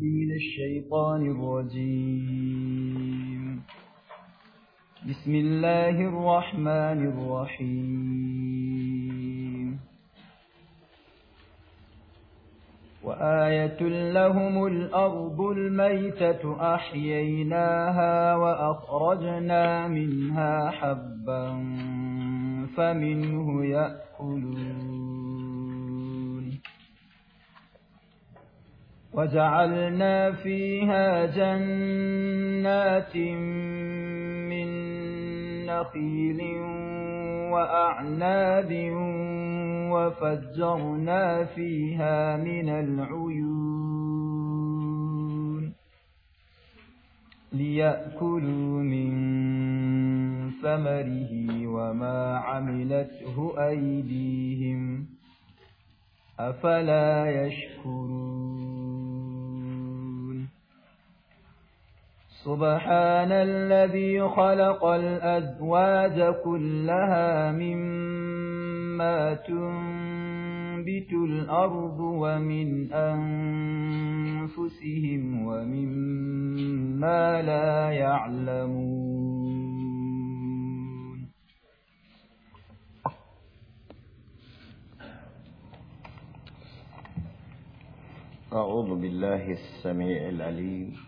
من الشيطان الرجيم بسم الله الرحمن الرحيم وآية لهم الأرض الميتة أحييناها وأخرجنا منها حبا فمنه يأكلون وجعلنا فيها جنات من نخيل وأعناب وفجرنا فيها من العيون ليأكلوا من ثمره وما عملته أيديهم أفلا يشكرون سبحان الذي خلق الأزواج كلها مما تنبت الأرض ومن أنفسهم ومما لا يعلمون أعوذ بالله السميع العليم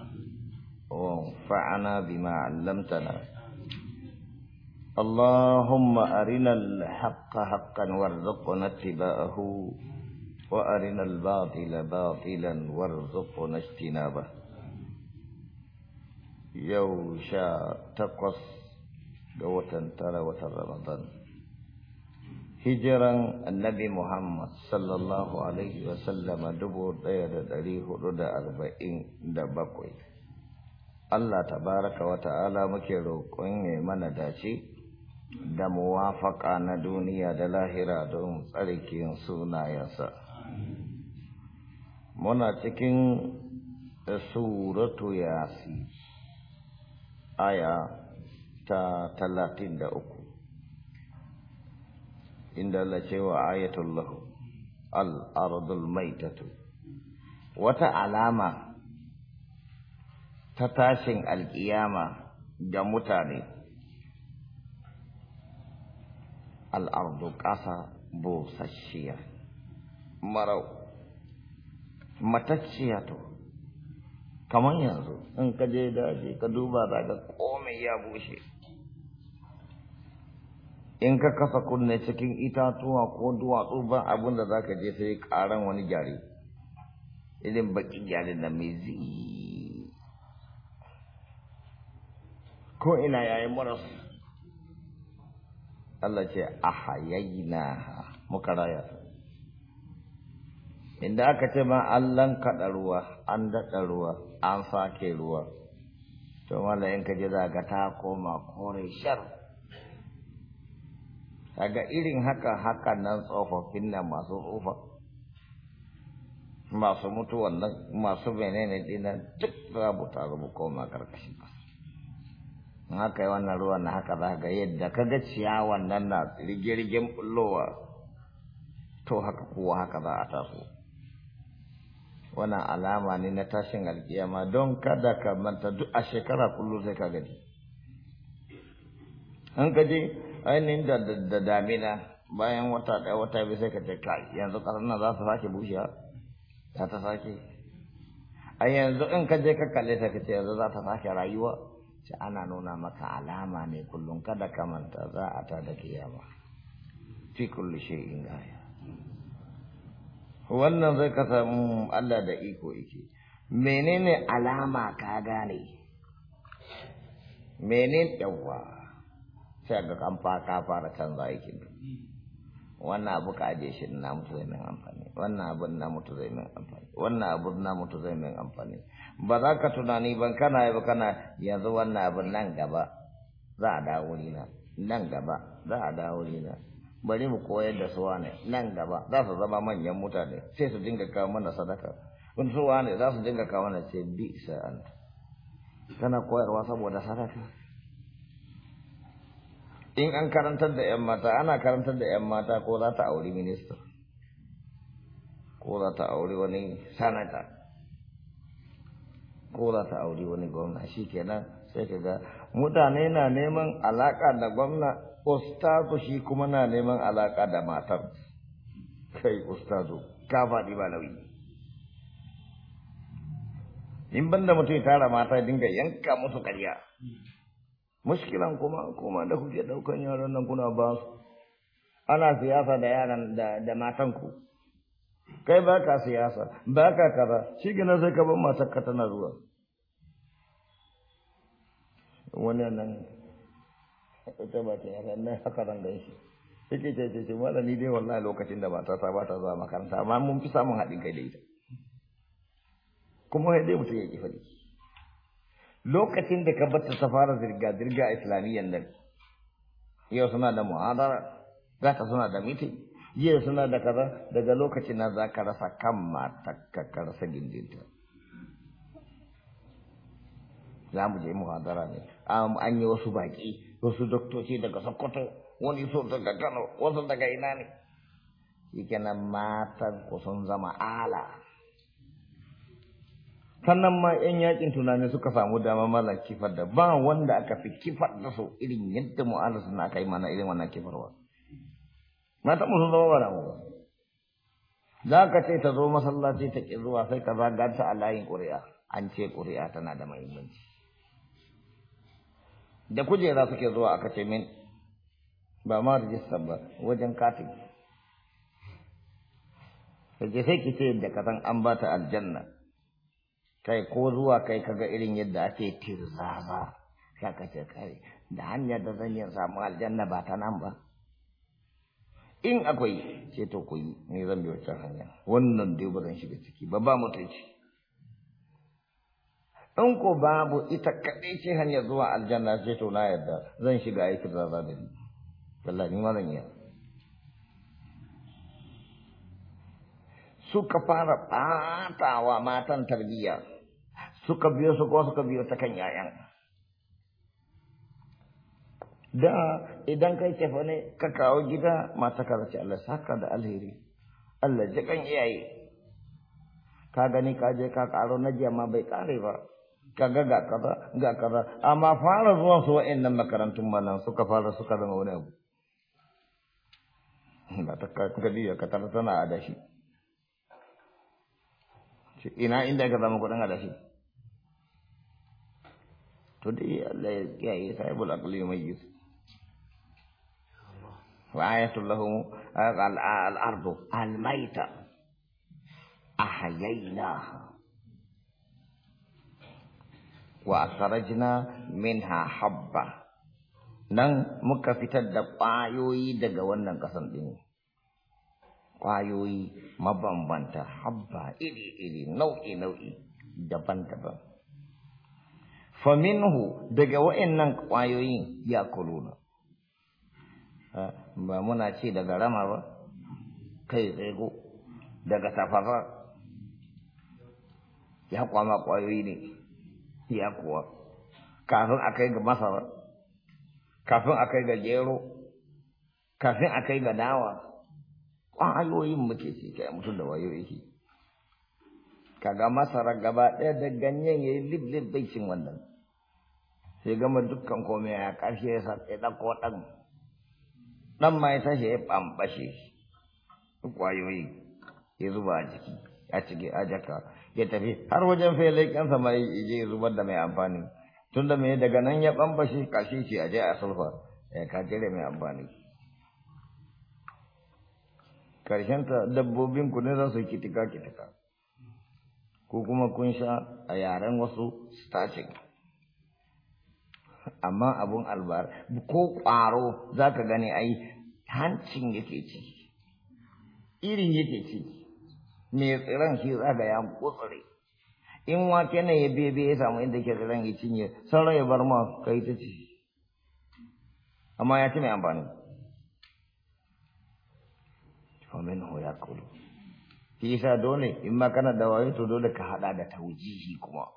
وانفعنا بما علمتنا اللهم أرنا الحق حقا وارزقنا اتباعه وأرنا الباطل باطلا وارزقنا اجتنابه يوشا تقص دوة تلاوة رمضان هجرا النبي محمد صلى الله عليه وسلم دبو دير دليه رد أربعين دبقوه Allah ta baraka wa ta'ala muke roƙon ya mana dace da muwafaƙa na duniya da lahira don tsarkin sunayensa. Muna cikin suratu yasi aya ta talatin da uku, inda Allah cewa ayatullahu al'ardul maitatu, wata alama ta tashin alkiyama ga mutane al'ardu ƙasa busasshiya marau matacciya to kamar yanzu in ka je daji ka duba za ga komai ya bushe in ka kasa kunne cikin itatuwa ko duwatsu ba abin da za ka je sai ƙaran wani gyare irin baƙin gyarin na mai ko ina yayin muras Allah ce a hayayina muka raya ta inda aka ce ma an kaɗa ruwa an daɗa ruwa an sake ruwa to mala in ka je za ga ta koma kore shar daga irin haka haka nan tsofaffin nan masu tsufa masu mutuwan masu menene dinan duk za mu taru mu koma karkashin haka yi wannan ruwan na haka za ga yadda ka ga ciyawan nan na rigirgin bullowa to haka kowa haka za a taso wannan alama ne na tashin alkiyama don kada ka manta duk a shekara kullum sai ka gani an ka je ainihin da da damina bayan wata ɗaya wata biyu sai ka ce kai yanzu ƙasar nan za su sake bushewa za ta sake a yanzu in ka je ka kalle sai ka ce yanzu za ta sake rayuwa sai ana nuna maka alama ne kullum kada ka manta za a ta da kiyama fi kulli shay'in gaya wannan zai ka samu Allah da iko yake menene alama ka gane menene yawa sai ga kan fa ka fara canza aikin wannan abu ka ajiye shi na mutu zai min amfani wannan abu na mutu zai min amfani wannan abu na mutu zai min amfani ba za ka tunani ban kana yi ba kana yanzu wannan abu nan gaba za a dawo na nan gaba za a dawo na bari mu koyar da su wane nan gaba za su zama manyan mutane sai su dinga kawo mana sadaka in su wane za su dinga kawo mana ce bi sa'anta kana koyarwa saboda sadaka in an karantar da 'yan mata ana karantar da 'yan mata ko za ta auri minista ko za ta auri wani sanata ko za ta auri wani gwamna shi kenan sai ka ga mutane na neman alaƙa da gwamna ustazu shi kuma na neman alaƙa da matar kai ustazu ka faɗi ba nauyi in banda mutum ya tara mata dinga yanka musu ƙarya muskilan kuma kuma da kuke daukan yaran nan kuna ba su ana siyasa da yaran da matan ku kai ba ka siyasa ba ka kaza shi gina sai ka bar matar ka tana zuwa wannan nan ita ba ta yaran nan haka ran gan shi Kike ce ce ce wala ni dai wallahi lokacin da mata ta ba ta zuwa makaranta amma mun fi samun haɗin kai da ita kuma sai dai mutum ya ki fadi lokacin da ka bata ta fara zirga-zirga islamiyyar nan yau suna da muhadara za ka suna da mitin yau suna da kaza daga lokacin na za ka rasa kan mata ka rasa gindinta za mu je muhadara ne an yi wasu baƙi wasu doktoci daga sokoto wani so daga kano wasu daga ina ne shi kenan matan ku sun zama ala sannan ma yan yakin tunani suka samu dama mala kifar da ba wanda aka fi kifar da su irin yadda mu'ala suna kai mana irin wannan kifarwa mata musu zama bara mu za ka ce ta zo masallaci ta ki zuwa sai ka zaga ta a layin ƙuri'a an ce ƙuri'a tana da muhimmanci da kujera suke zuwa aka ce min ba ma rijistar ba wajen katin sai ki ce da san an ba ta aljanna kai ko zuwa kai kaga irin yadda ake tirzaba ka ce kai da hanyar da zan yi samu aljanna ba ta nan ba in akwai ce to ku yi ne zan bi wacce hanya wannan dai ba zan shiga ciki ba ba mutunci in ko babu ita kaɗai ce hanyar zuwa aljanna ce to na yadda zan shiga aiki da za da ni Allah ni ma zan yi suka fara ɓatawa matan tarbiyyar. suka biyo su ko suka biyo ta kan yayan da idan kai cefa ne ka kawo gida mata ka race Allah saka da alheri Allah ji kan iyaye ka gani ka je ka karo na jiya ma bai kare ba ka ga ga kaza ga kaza amma fara zuwa su wa'annan makarantun malam suka fara suka zama wani abu ba ta ya katar tana adashi ina inda ka zama kudin adashi to dai Allah ya kiyaye sahibul aqli wa ayatul lahum al ardu al mayta ahyaynaha wa akhrajna minha habba nan muka fitar da ƙwayoyi daga wannan kasan ɗin ƙwayoyi mabambanta habba iri-iri nau'i-nau'i daban-daban faminhu daga wa'annan kwayoyin ya kuluna ba muna ce daga rama ba kai tsego daga tafafa ya kwama kwayoyi ne ya kuwa kafin a kai ga masara kafin a kai ga gero kafin a kai ga dawa kwayoyin muke ce kai mutum da wayo yake kaga masara gaba ɗaya da ganyen ya yi lib-lib bai cin wannan sai gama dukkan komai a ƙarshe ya satse ɗauko ɗan ɗan mai sashe ya ɓamɓashe ƙwayoyi ya zuba a jiki a ciki a jaka ya tafi har wajen fele kansa ma ya zubar da mai amfani tun da mai daga nan ya ɓamɓashe kashi ce a je a sulfa ya kaje da mai amfani karshen ta dabbobin ku ne za su kitika kitika ko kuma kun sha a yaren wasu starting amma abun albar ko ƙwaro za ka gani ai hancin yake ci irin yake ci mai tsiran shi za ga ya kutsure in wake na ya bebe ya samu inda ke tsiran ya cinye sauran ya bar ma kai ta ci amma ya ci mai amfani famin ya kulu shi isa dole in ma kana da wayo to dole ka hada da taujihi kuma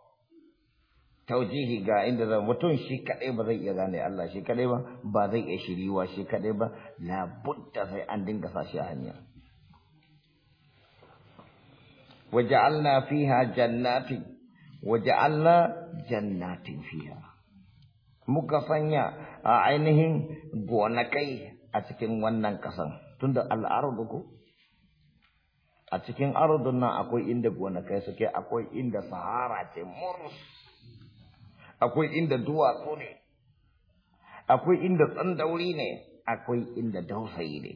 taujihi ga inda zan mutum shi kadai ba zai iya gane Allah shi kadai ba ba zai iya shiriwa shi kadai ba na budda sai an dinga shi a hanya waja'alna fiha jannatin waja'alna jannatin fiha muka sanya a ainihin gonakai a cikin wannan kasan tunda al'ardu ko a cikin ardun nan akwai inda gonakai suke akwai inda sahara ce murs akwai inda duwatsu ne akwai inda tsandauri ne akwai inda dausayi ne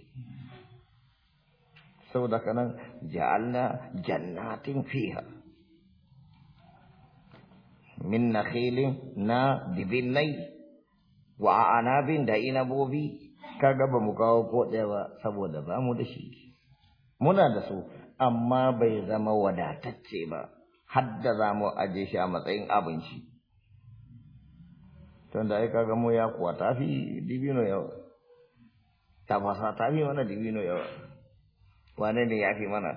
Sau da kanan ja'alna jannatin fiha min nakhilin na dibinnai wa anabin da inabobi Ka gaba mu kawo ko ɗaya saboda ba mu da shi muna da su amma bai zama wadatacce ba hadda za mu aje shi a matsayin abinci tunda ai kaga mu ya kuwa tafi dibino yawa tafasa tafi mana dibino yawa wane ne ya fi mana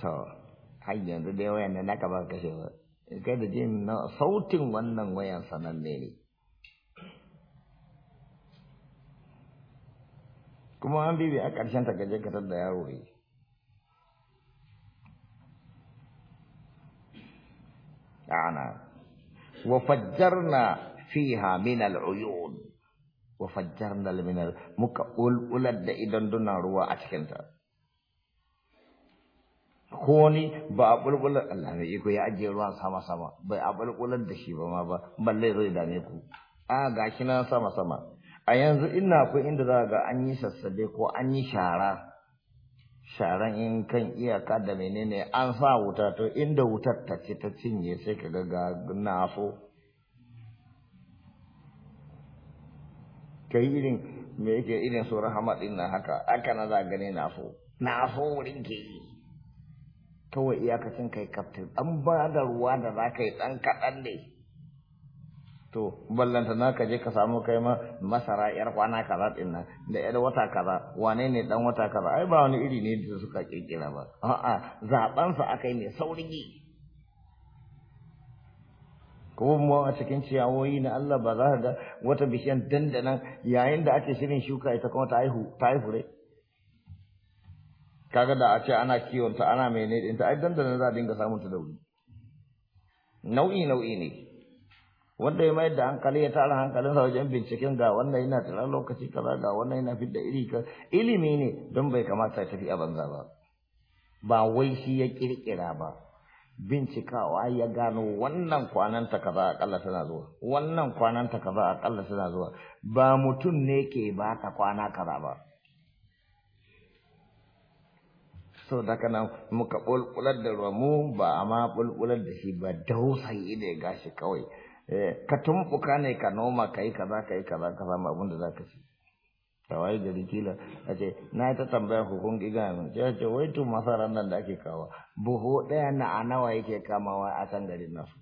to har yanzu dai wayan da naka ba kashe ba kai da jin na sautin wannan wayan sananne ne kuma an bibi a ƙarshen ta gaje ka da yaro yi ana وفجرنا فيها muka العيون da من المكأول أولد إذن دون روا Ko ni ba a bulbular Allah mai iko ya ajiye ruwa sama-sama bai a bulbular da shi ba ma ba balle zai dame ku a gashi na sama-sama a yanzu ina akwai inda za ga an yi sassabe ko an yi shara sharan in kan iyaka da menene an sa wuta to inda wutar ta ce ta cinye sai ka ga na so yi irin me yake irin su rahama din haka aka na za gane na so na wurin ke yi. kawai iyakacin kai kaftin an ba da ruwa da za ka yi ɗan kaɗan ne to ballanta na ka je ka samu kai ma masara yar kwana kaza din nan da yar wata kaza wane ne dan wata kaza ai ba wani iri ne da suka kirkira ba a'a zaben sa akai ne saurigi kuma mu a cikin ciyawoyi na Allah ba za ka ga wata bishiyan dandanan yayin da ake shirin shuka ita kuma ta haihu ta haihu rai kaga da a ce ana kiwon ta ana menene ta ai dandanan za a dinga samun ta da wuri nau'i nau'i ne wanda ya mayar da hankali ya tara hankalin sa wajen binciken ga wannan yana tara lokaci kaza ga wannan yana fidda iri ka ilimi ne don bai kamata ya tafi a banza ba ba wai shi ya kirkira ba bincikawa ya gano wannan kwanan ta kaza kalla suna zuwa wannan kwanan ta kaza kalla suna zuwa ba mutum ne ke ba ta kwana kaza ba sau da kana muka bulbular da ruwa mu ba a ma bulbular da shi ba dausayi ne gashi kawai Eh, ka tumfuka ne ka noma ka yi kaza ka yi kaza ka samu abin da za ka ci waye gari kila a ce na ta tambaya hukun giga ne ce ce wai tun masarar nan da ake kawo buhu ɗaya na a nawa yake kamawa a can garin nasu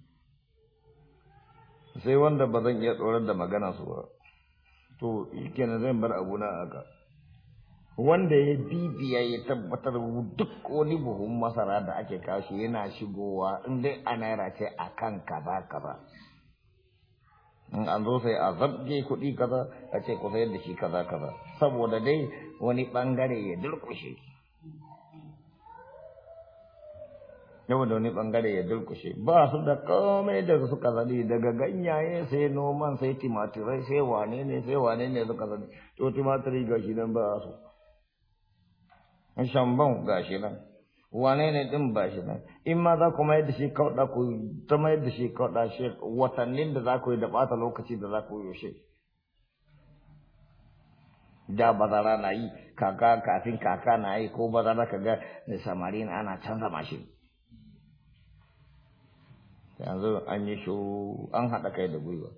sai wanda ba zan iya tsoron da magana su ba to na zan bar abuna a haka wanda ya bibiya ya tabbatar duk wani buhun masara da ake kawo shi yana shigowa in dai a naira ce a kan kaza kaza in an zo sai a zabge kuɗi kaza a ce ku sayar da shi kaza kaza saboda dai wani ɓangare ya durƙushe yau da wani ɓangare ya durƙushe ba su da komai da suka zaɗi daga ganyaye sai noman sai timatirai sai wane ne sai wane ne suka zaɗi to timatirai ga shi nan ba su shamban ga shi nan wane ne din ba shi nan in ma za ku mayar da shi kauɗa ku ta mayar da shi da shi watannin da za ku yi da bata lokaci da za ku yi yaushe da bazara na yi kaka kafin kaka na yi ko bazara ka ga da samari na ana canza mashin yanzu an yi shi an haɗa kai da gwiwa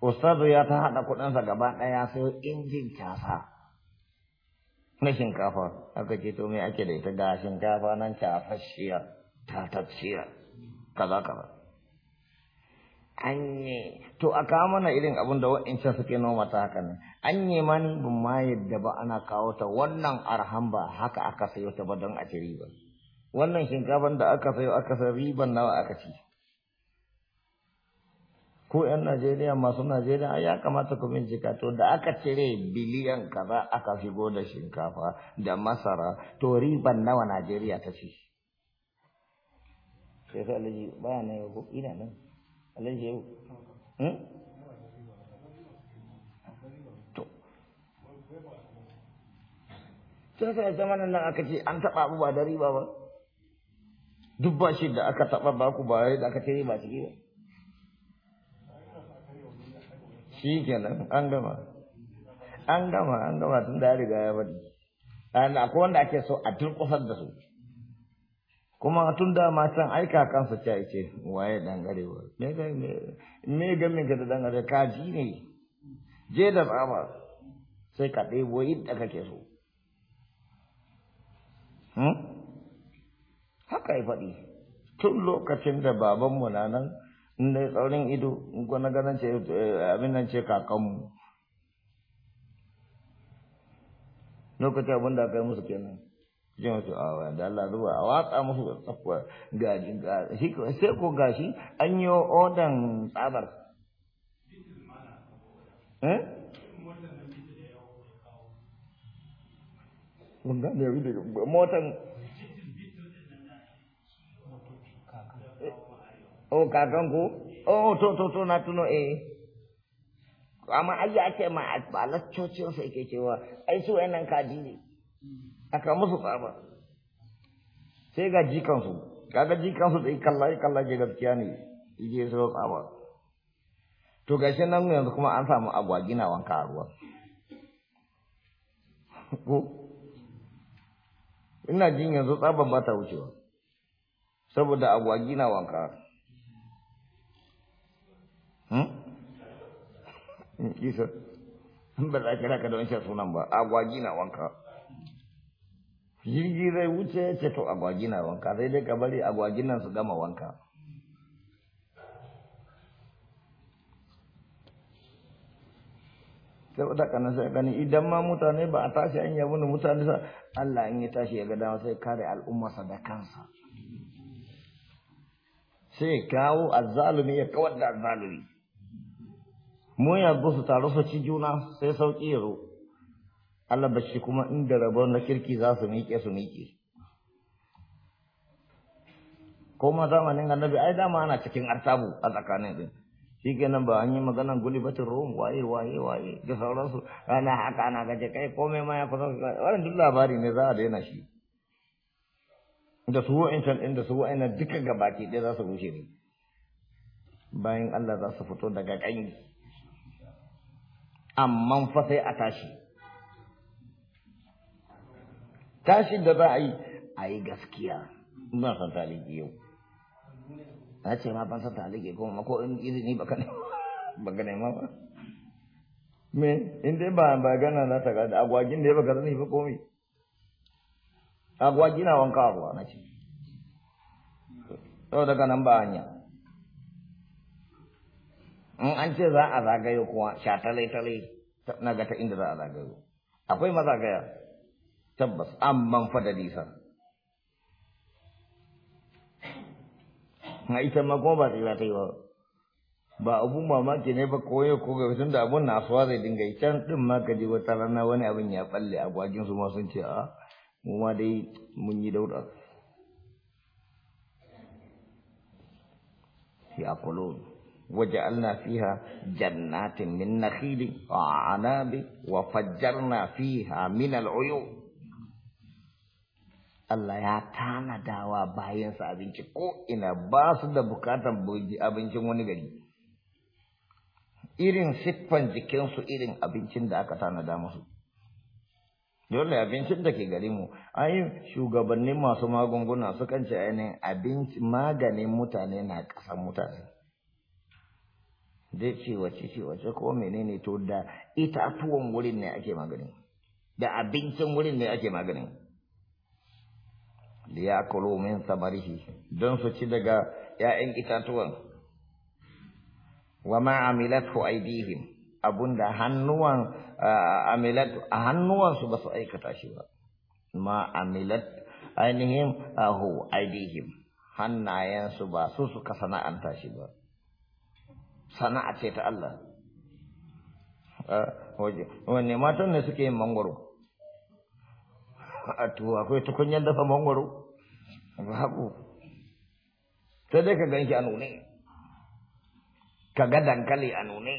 ustazu ya ta haɗa kuɗinsa gaba ɗaya sai injin casa na shinkafa aka ce to me ake da ita ga shinkafa nan ta fashiya ta tafsiya kaza kaza an to a kawo mana irin abin da wa'ancan suke noma ta haka ne an yi ma bin ma yadda ba ana kawo ta wannan arhan ba haka aka sayo ta ba don a ci riba wannan shinkafan da aka sayo aka sayo riban nawa aka ci ko 'yan Najeriya masu Najeriya ya kamata ku bincika to da aka cire biliyan kaza aka shigo da shinkafa da masara to riban nawa Najeriya ta ci sai sai alaji baya nan yau ina nan alaji yau hmm? to sai sai zamanin nan aka ce an taɓa abu ba da riba ba duk ba shi da aka taɓa ba ku ba da aka ce riba ciki ba shi kenan an gama an gama an gama tun da riga ya bari akwai wanda ake so a turkusar da su kuma tun da matan aika kansa ta ce waye dangarewa me ga me ga me ga dangare ka ji ne je da baba sai ka ɗebo da kake so hmm? haka ya faɗi tun lokacin da babanmu na nan in dai tsaurin ido gwana ganin ce abin nan ce kakanmu lokacin abin da aka yi musu kenan jin wasu a da Allah zuwa a watsa musu tsakuwa gaji sai ko gashi an yi odan tsabar eh motan o oh, kakan ku. o oh, to to to na tuno e. amma ai ya ce ma albalar cocin sai ke cewa ai su wayannan kaji ne aka musu tsaba sai ga jikansu kaga jikansu sai kalla kalla je gaskiya ne ije su tsaba to gashi nan yanzu kuma an samu agwagina wanka a ruwa ina jin yanzu tsaban ba ta wucewa saboda agwagina wanka Hmm? Hmm, isa, ba za kira ka da wancan sunan ba, agwagi na wanka. Jirgi zai wuce ya ce to agwagi na wanka, sai dai ka bari agwagi nan su gama wanka. saboda sai gani idan ma mutane ba a tashi an da mutane sa Allah in ya tashi ya ga dama sai kare al'ummarsa da kansa sai kawo azzalumi ya kawar da azzalumi mu yanzu su taru su ci juna sai sauƙi ya zo Allah shi kuma inda rabon na kirki za su miƙe su miƙe Koma zamanin annabi ai dama ana cikin artabu a tsakanin din shi kenan ba an yi maganan gulibatin rom waye waye waye da sauransu ana haka ana gaje kai komai ma ya kusan wannan duk labari ne za a daina shi da su wa'incan ɗin da su wa'innan duka gabaki ɗaya za su rushe ne bayan Allah za su fito daga ƙangi amman fa sai a tashi tashi da za a yi a yi gaskiya ba san taliki yau na ce ma ban san taliki kuma ko in izini baka ne baka ne ma ba me in dai ba ba gana na ta da agwagin da ya baka sani ba komai agwagi na wanka ruwa na ce to daga nan ba hanya in an ce za a zagayo kuwa sha talai-talai na ga ta inda za a zagayo akwai mazagaya tabbas an manfa da nisa na ita ma kuma ba tsira ta yi ba ba abun mamaki ne ba koyo ko ga tun da abun nasuwa zai dinga yi can din ma ka ji wata rana wani abin ya balle a gwajin su ma sun ce a mu ma dai mun yi dauda ya kwalo وجعلنا فيها جنات من نخيل وعناب وفجرنا فيها من العيون Allah ya tanadawa sa abinci ko ina ba su da bukatan abincin wani gari irin siffan jikinsu irin abincin da aka tanada musu dole abincin da ke gari mu ai shugabannin masu magunguna sukan ce ainihin abinci maganin mutane na ƙasan mutane zai ce wace ce wace ko menene to da itatuwan wurin ne ake maganin da abincin wurin ne ake maganin kulo min samarihi don su ci daga ‘ya'yan itatuwan wa ma'amilatku aidihim da hannuwan a hannuwansu ba su aikata shi ba ma'amilat ainihin ahu aidihim hannayensu ba su suka sana'anta shi ba sana'a ce ta Allah eh, wane wanne matan ne suke yin mangwaro? a tuwa akwai tukunyar dafa mangwaro? babu sai dai ka shi a nune ka ga dankali a nune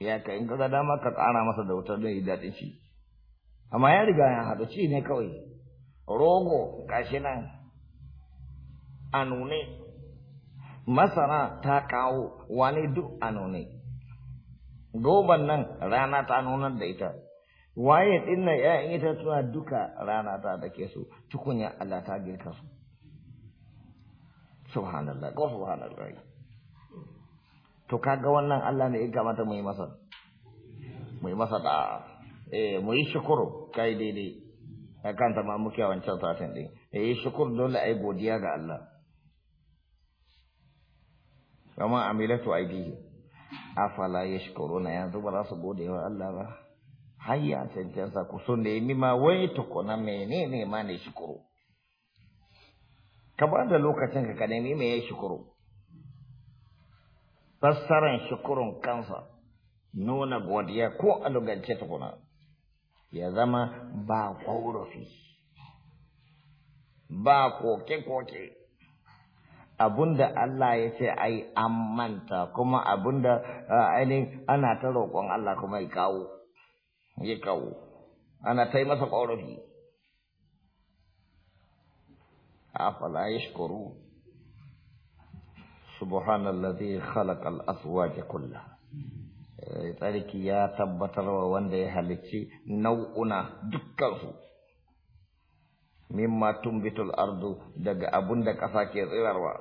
ya ka in ga dama ka ƙara masa da wutar don yi daɗin shi amma ya riga ya haɗu ci ne kawai rogo gashi nan a nune masara ta kawo wani duk ano ne goban nan rana ta nunar da ita waye dinna ita itatuwa duka rana ta da ke su tukunya Allah ta girka su subhanallah ko subhanallah to kaga wannan Allah ne ya kamata mu yi masa mu yi masa da eh mu yi shukuru kai daidai akan ta ma muke wancan satin din eh shukuru dole ai godiya ga Allah kama amilatu aidihi afala yashkuruna yanzu ba za su gode wa Allah ba hayya ya ku so mi ma wai na menene ma ne shukuru ka ba lokacin ka ka nemi me ya shukuru fassaran shukurun kansa nuna godiya ko a lugance kuna ya zama ba ƙorafi ba koke-koke da Allah ya ce ai an manta kuma abunda ainihin ana ta roƙon Allah kuma ya kawo ya kawo ana ta yi masa ƙorafi afala yashkuru subhanallazi khalaqal azwaja kullaha eh, tsarki ya tabbatar wa wanda ya halicci nau'una dukkan su mimma tumbitul ardu daga abun da ƙasa ke tsirarwa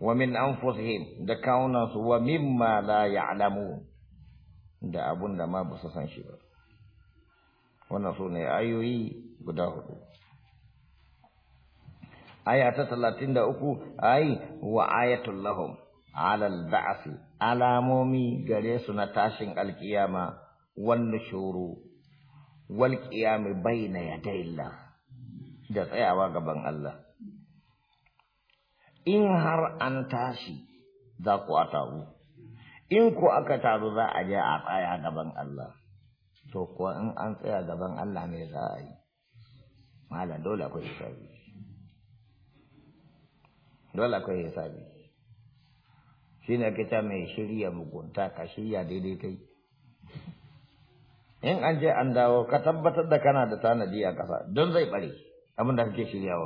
wa min anfusihim da kaunansu wa mimma la ya'lamu da abun da ma ba su san shi ba wannan su ne ayoyi guda hudu aya ta talatin da uku ai wa ayatul lahum alal ba'asi alamomi gare su na tashin alkiyama wannan shuru wal qiyami bayna yadayillah da tsayawa gaban Allah. In har an tashi za ku a taru, in ku aka taru za a je a tsaya gaban Allah, to ko in an tsaya gaban Allah ne za a yi, malam dole akwai sabi. Dole akwai sabi. Shi ne kita mai shirya mugunta ka shirya daidai kai. In an je an dawo ka tabbatar da kana da tanadi a ƙasa don zai ɓare. abin da wa ya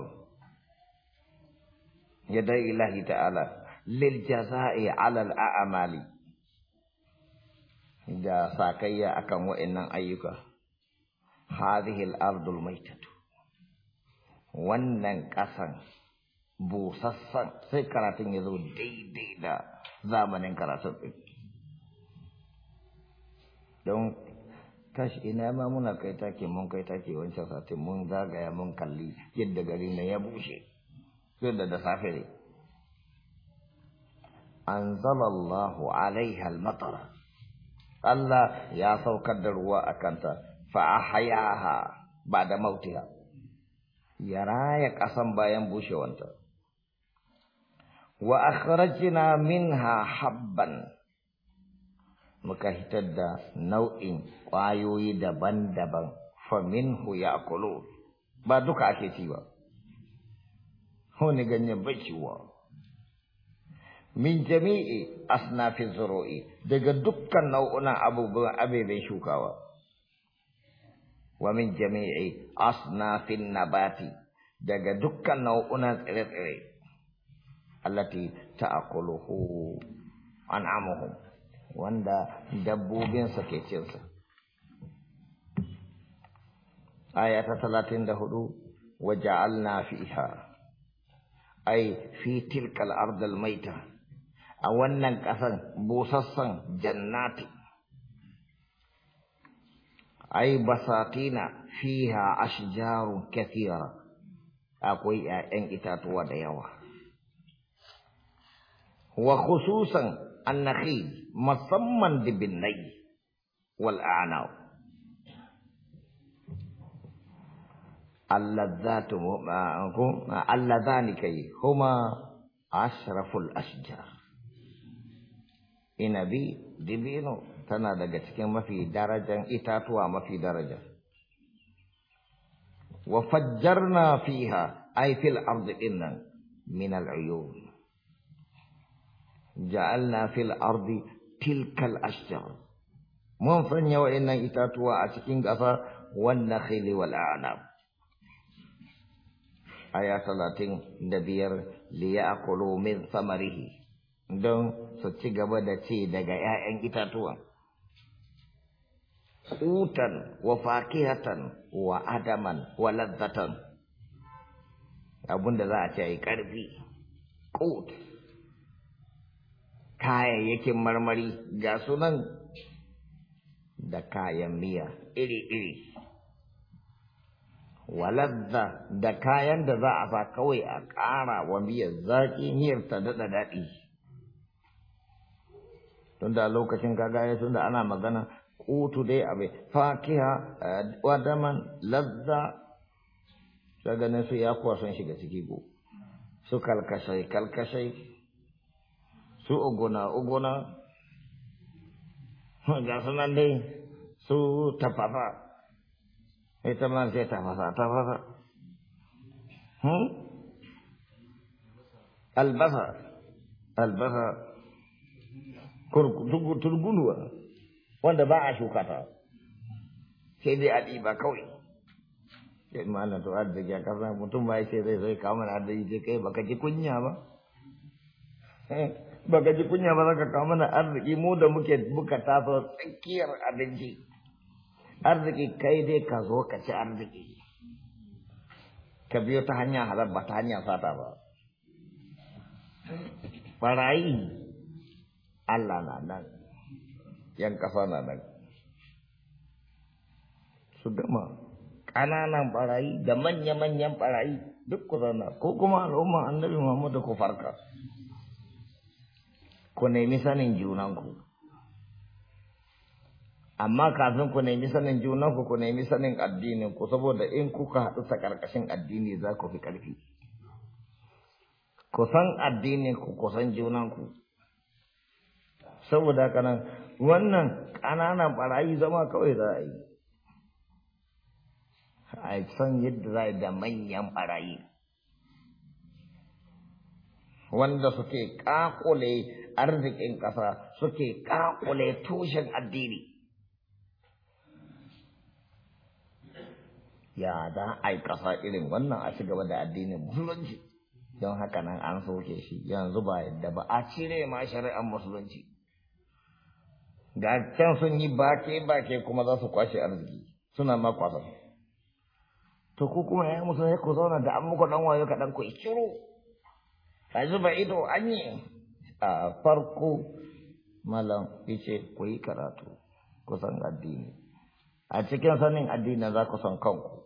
yadda ilahi ta'ala lil jaza'i alal a'amali da sakayya akan wa'annan ayyuka hadhihi al-ardul maitatu wannan kasan busassan sai karatun ya zo daidai da zamanin karatun don kashi ina ma muna kai take mun kai take wancan satin mun zagaya mun kalli yadda gari na ya bushe yadda da safe ne anzalallahu alaiha almatara Allah ya saukar da ruwa a kanta fa ahyaha ba da mautiya ya raya ƙasan bayan bushewanta wa akhrajna minha habban muka hitar da nau'in ƙwayoyi daban-daban faminhu ya kulo ba duka ake ci ba wani ganyen bai ciwa min jami'i asnafin zuro'i daga dukkan nau'unan abubuwan ababen shukawa wa min jami'i asnafin nabati daga dukkan nau'unan tsire-tsire allati ta'akuluhu an'amuhum wanda dabbobinsa ke cinsa aya ta talatin da hudu waja'alna fiha ai fi tilkal ardal maita a wannan kasan busassan jannati ai basatina fiha ashjaru kathira akwai 'ya'yan itatuwa da yawa wa khususan النخيل مصمم بالني والأعناق اللذات اللذان كي هما أشرف الأشجار inabi dibino tana daga cikin mafi darajan itatuwa mafi daraja wa fajjarna fiha ay fil ardi innan min al uyub ja'alna fil ardi tilkal ashjar mun sanya wa'annan itatuwa a cikin ƙasa wan nakhili wal a'nab aya 35 liya'kulu min samarihi don su ci gaba da ce daga 'ya'yan itatuwa utan wa fakihatan wa adaman wa ladzatan abunda za a ce yi ƙarfi qut kayayyakin marmari ga sunan da kayan miya iri-iri waladda da kayan da za a sa kawai a ƙara wa miyar zaƙi miyar ta daɗa daɗi tun da lokacin gaya tun da ana magana kotu dai abai fakiha wadaman lazza ta ganin su ya kuwa sun shiga ciki go su kalkashai kalkashai su ogona ogona ga sunan dai su tafafa ita eh, ma sai tafasa tafasa hmm? albasa albasa turguluwa wanda ba a shuka sai dai a ɗiba kawai sai malam to arziki a ƙasa mutum ba ya ce zai zai kawo mana arziki sai kai baka ji kunya ba baka ji kunya ba za ka kawo mana arziki mu da muke buka tafa tsakiyar abinci arziki kai dai ka zo ka ci arziki ka biyo ta hanya halar ba ta hanya sata ba barayi Allah na nan yan kasa na nan su gama ƙananan barayi da manya-manyan barayi duk ku zana ko kuma al'umma annabi Muhammadu ku farka ku nemi sanin junanku amma kafin ku nemi sanin junanku ku nemi sanin addininku saboda in kuka haɗu ta ƙarƙashin addini za ku fi ƙarfi ku san addininku ku san junanku saboda kanan wannan ƙananan barayi zama kawai za a yi a san yadda za da manyan ɓarayi wanda suke ƙaƙule arzikin ƙasa suke ƙaƙule tushen addini. Ya za a yi ƙasa irin wannan a ci gaba da addinin musulunci, don haka nan an soke shi yanzu ba yadda ba a cire ma shari'ar musulunci. Ga can sun yi bake-bake kuma za su kwashe arziki, suna ma kwasa. To ku kuma ya musulunci ku zauna da an muku ɗan wayo kaɗan ku ciro? Ba zuba ido an yi a farko malam yace ku yi karatu ku san addini a cikin sanin addini za ku san kanku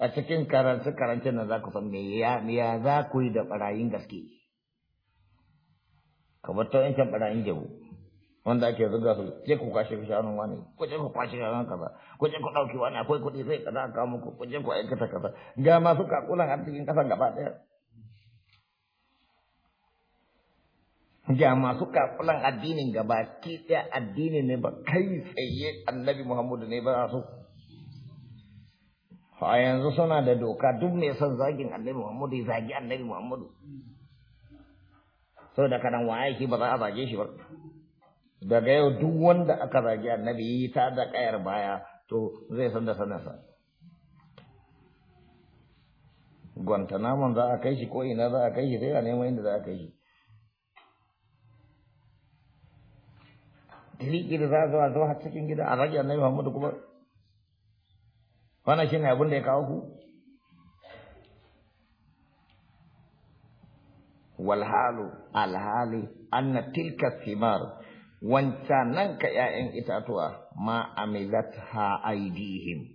a cikin karance karance nan za ku san me ya ya za ku yi da barayin gaske kamar ta yankin barayin jabu wanda ake zuga su je ku kwashe ku shanun wani ku je ku kwashe shanun kaza ku je ku dauki wani akwai kuɗi sai kaza a kawo muku ku je ku aikata kaza ga masu kakulan cikin kasan gaba ɗaya ga masu kafulan addinin gaba ke ɗaya addini ne ba kai tsaye annabi muhammadu ne ba su a yanzu suna da doka duk mai son zagin annabi muhammadu ya zagi annabi muhammadu sau da kanan waye shi ba za a zage shi ba daga yau duk wanda aka zagi annabi yi ta da ƙayar baya to zai san da sanarsa gwantanaman za a kai shi ko ina za a kai shi sai a neman inda za a kai shi riƙi da za a zo a zo har cikin gida a rage annabi Muhammadu kuma wannan shine abin da ya kawo ku walhalu alhali anna tilka thimar wancanan ka ‘ya'yan itatuwa ma amilat ha aidihim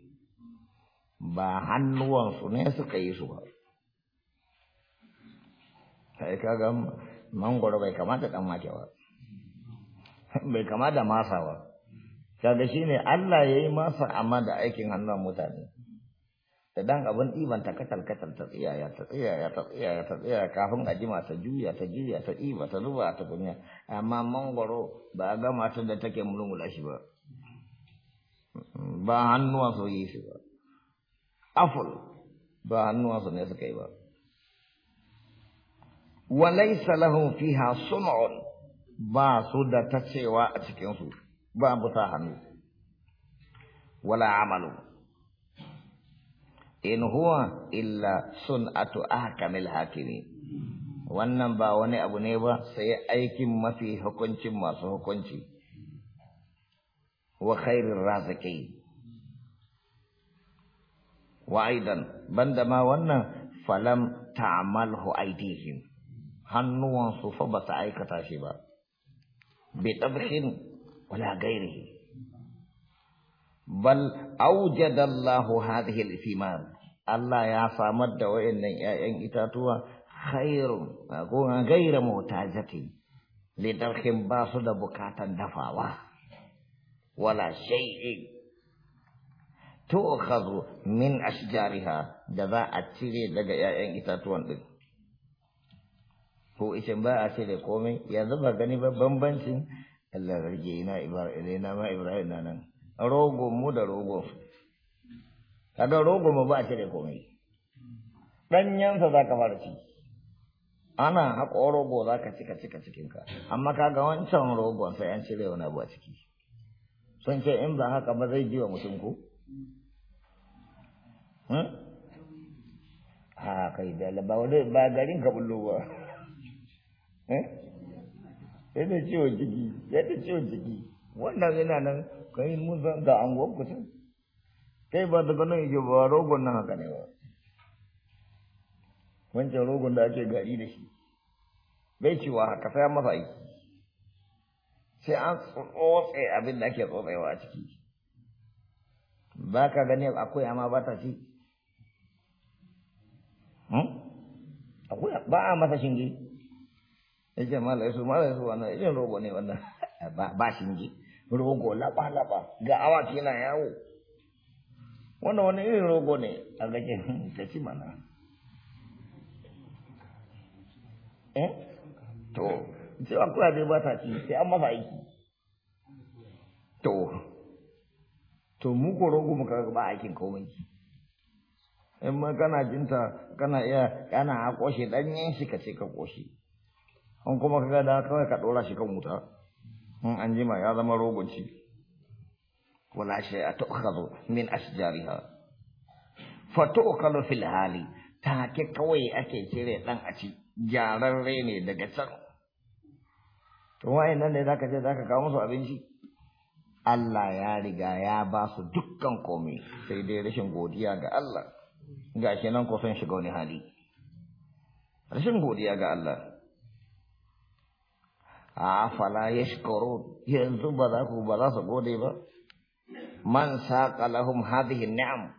ba hannuwan su ne suka yi su ba. Sai kaga mangoro bai kamata ɗan makewa ba. bai kama da masa ba kaga shine Allah yayi masa amma da aikin hannun mutane da dan abin iban ta katal katal ta tsiyaya ta tsiyaya ta tsiyaya ta tsiyaya kafin a jima ta juya ta juya ta ɗiba ta zuba ta kunya amma mangoro ba a gama ta da take mulmula shi ba ba hannuwa su yi shi ba aful ba hannuwa su ne suka yi ba wa laysa lahum fiha sum'un ba su da ta cewa a cikinsu ba sa hannu wala amalu in huwa illa sun'atu ahkamil hakimi wannan ba wani abu ne ba sai aikin mafi hukunci masu hukunci wa khairin raziqin wa aidan banda ma wannan falam ta'malhu aidihim hannuwansu fa ba su aikata shi ba بطبخ ولا غيره بل أوجد الله هذه الثمار الله يا صامد وإن إن إتاتوا خير غير محتاجة لذبح باصد بكاتا دفاوة ولا شيء تؤخذ من أشجارها جزاء تشيري لك يا إتاتوا ko ice ba a ce da komai yanzu ba gani ba bambancin Allah rage ina ibrahim na ma ibrahim na nan rogo mu da rogo kaga rogo mu ba a ce da komai danyen za ka fara ci ana haƙo rogo za ka cika cikin cikinka amma kaga wancan rogon sai an cire wani abu a ciki sun ce in ba haka ba zai jiwa mutum ko ha kai da ba garin ka bullo ba eh sai da ciwo jiki sai da ciwo jiki wannan yana nan kai mun san ga an kusan kai ba daga nan yake ba rogon nan haka ne ba wancan rogon da ake gari da shi bai ciwa haka sai masa aiki sai an tsotse abin da ake tsotsewa a ciki ba ka gani akwai amma ba ta ci hmm? akwai ba a masa shinge yake mala yasu mala yasu wannan irin rogo ne wannan ba shinge rogo laba laba ga awaki na yawo wannan wani irin rogo ne a gaje ta ci mana eh to cewa kuwa bai ba ta ci sai an masa aiki to to mu ko rogo muka ga ba aikin komai in ma kana jinta kana iya kana a koshe danyen shi ka ce ka koshe an kuma ka gada kawai ka ɗora shi kan wuta in hmm, an jima ya zama rogonci wala shi a ta'ukhadhu min ashjariha fa tu'kalu fil hali take kawai ake cire dan a ci ne daga can to nan ne zaka je zaka kawo musu abinci Allah ya riga ya ba su dukkan komai sai dai rashin godiya ga Allah gashi nan ko sun shiga wani hali rashin godiya ga Allah afala yashkurun yanzu ba za ku ba za su gode ba man saqa lahum hadhihi ni'am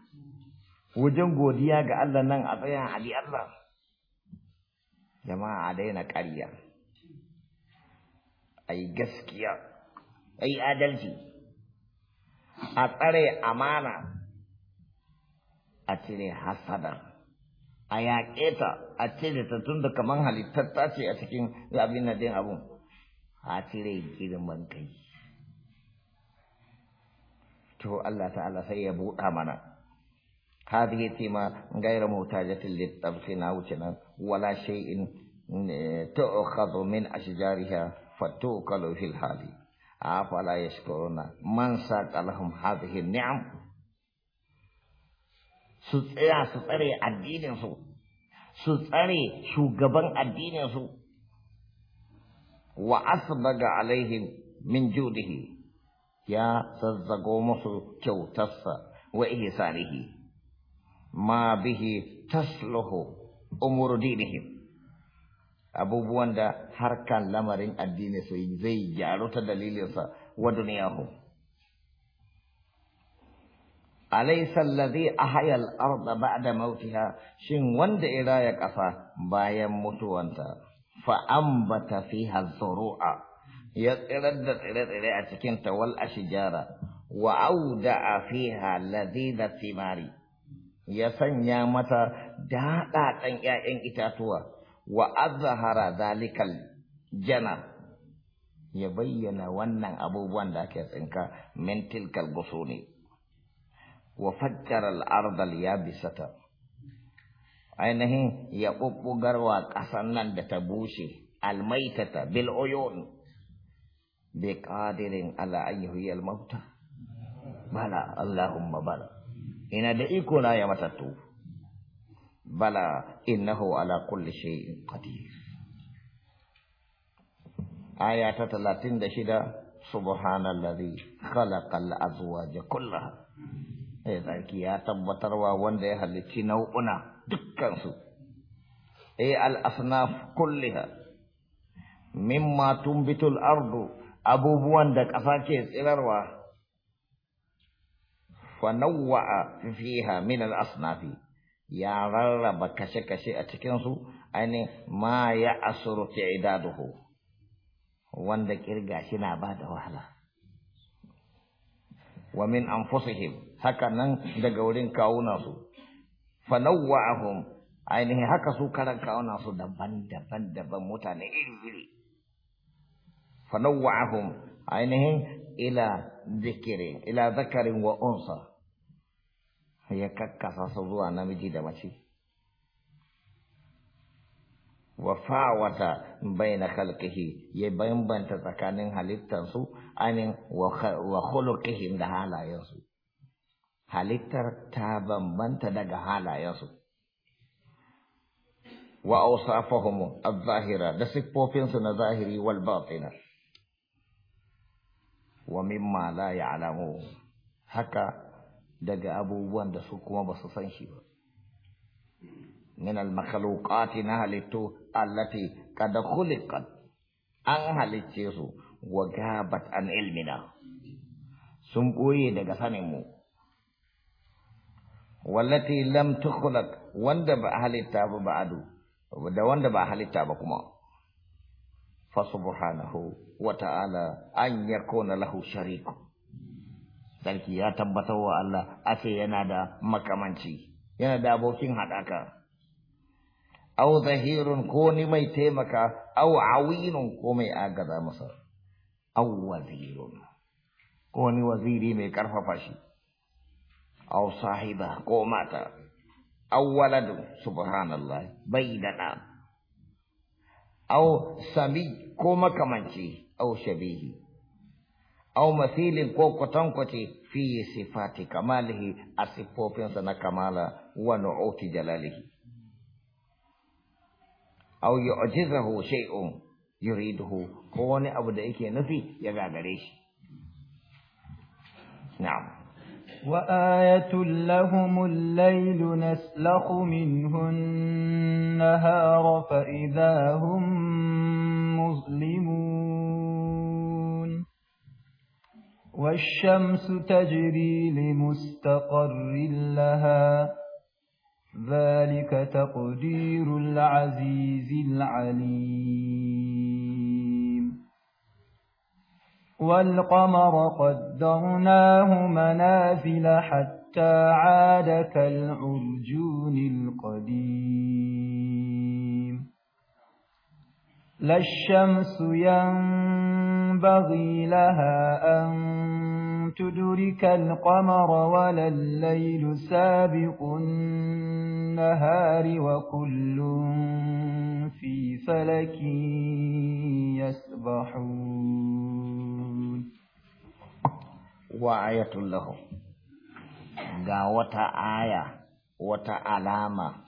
wajen godiya ga Allah nan a tsayan ali Allah jama'a a daina ƙarya ai gaskiya ai adalci a tsare amana a cire hasada a yaƙe ta a cire ta tun da kamar halittar ta ce a cikin abin nan din abun a cire girman kai to Allah ta'ala sai ya buɗa mana hadhihi tima ghayra mutajatin litabsi na wuce nan wala shay'in tu'khadhu min ashjariha fatuqalu fil hali afala yashkuruna man saqalahum hadhihi ni'am su tsaya su tsare addinin su su tsare shugaban addinin su wa asbaga alaihim min judihi ya zazzago musu kyautarsa wa ihsanihi ma bihi tasluhu umuru dinihim abubuwan da harkan lamarin addini su zai gyaru ta dalilinsa wa duniyahu alaysa alladhi ahya al-ardha ba'da mautiha shin wanda ya raya kafa bayan mutuwanta فأنبت فيها الزروع يقرد تلتلي أتكين تول وَالْأَشِجَارَ وأودع فيها لذيذ الثماري يسن يامتا داعا تنيا إن إتاتوا وأظهر ذلك الجنر يبين ونن أبو وان لكيس إنك من تلك القصوني وفجر الأرض اليابسة ainihin ya ɓuɓɓugarwa kasan nan da ta bushe almaitata bil oyon bi qadirin ala an al mauta bala allahumma bala ina da iko na ya matatu bala innahu ala kulli shay'in qadir aya ta 36 subhanalladhi khalaqal azwaja kullaha ai zaki ya tabbatarwa wanda ya halicci nau'una dukkansu eh al-asnaf kulliha mimma tumbitul ardu abubuwan da ƙasa ke tsirarwa fanawwa'a fiha min al-asnafi ya rarraba kashe-kashe a cikinsu ainihin ma ya asuru idaduhu wanda kirga shi na ba da wahala wa min anfusihim haka nan daga wurin kawuna su falawwa'ahum ainihin haka su karan kawana su daban-daban daban mutane iri-iri falawwa'ahum ainihin ila zikiri ila zakarin wa unsa ya kakkasa su zuwa namiji da mace wa fawata na khalqihi ya bambanta tsakanin halittansu anin wa khuluqihim da halayensu halittar ta bambanta daga halayensu wa awsafahum az-zahira da siffofinsu na zahiri wal batina wa mimma la ya'lamu haka daga abubuwan da su kuma ba su san shi ba min al-makhluqati na halittu allati qad khuliqat an halice su wa gabat an ilmina sun koye daga sanin mu wallati lam tukhlaq wanda ba halitta ba ba'du da wanda ba halitta ba kuma fa subhanahu wa ta'ala an yakuna lahu shariku sarki ya tabbatar wa Allah ace yana da makamanci yana da abokin hadaka aw zahirun ko ni mai taimaka aw awinun ko mai agaza masa aw wazirun ko ni waziri mai karfafa shi aw sahiba ko mata aw waladu subhanallah bai daɗa. ɗa aw sami ko makamanci aw shabihi aw masilin ko kwatankwace fi sifati kamalihi a siffofinsa na kamala wa nu'uti jalalihi aw yu'jizahu shay'un yuriduhu ko wani abu da yake nufi ya gagare shi na'am وآية لهم الليل نسلخ منه النهار فإذا هم مظلمون والشمس تجري لمستقر لها ذلك تقدير العزيز العليم والقمر قدرناه منازل حتى عاد كالعرجون القديم لا الشمس ينبغي لها أن تدرك القمر ولا الليل سابق النهار وكل في فلك يسبحون wa ayatul lahu ga wata aya wata alama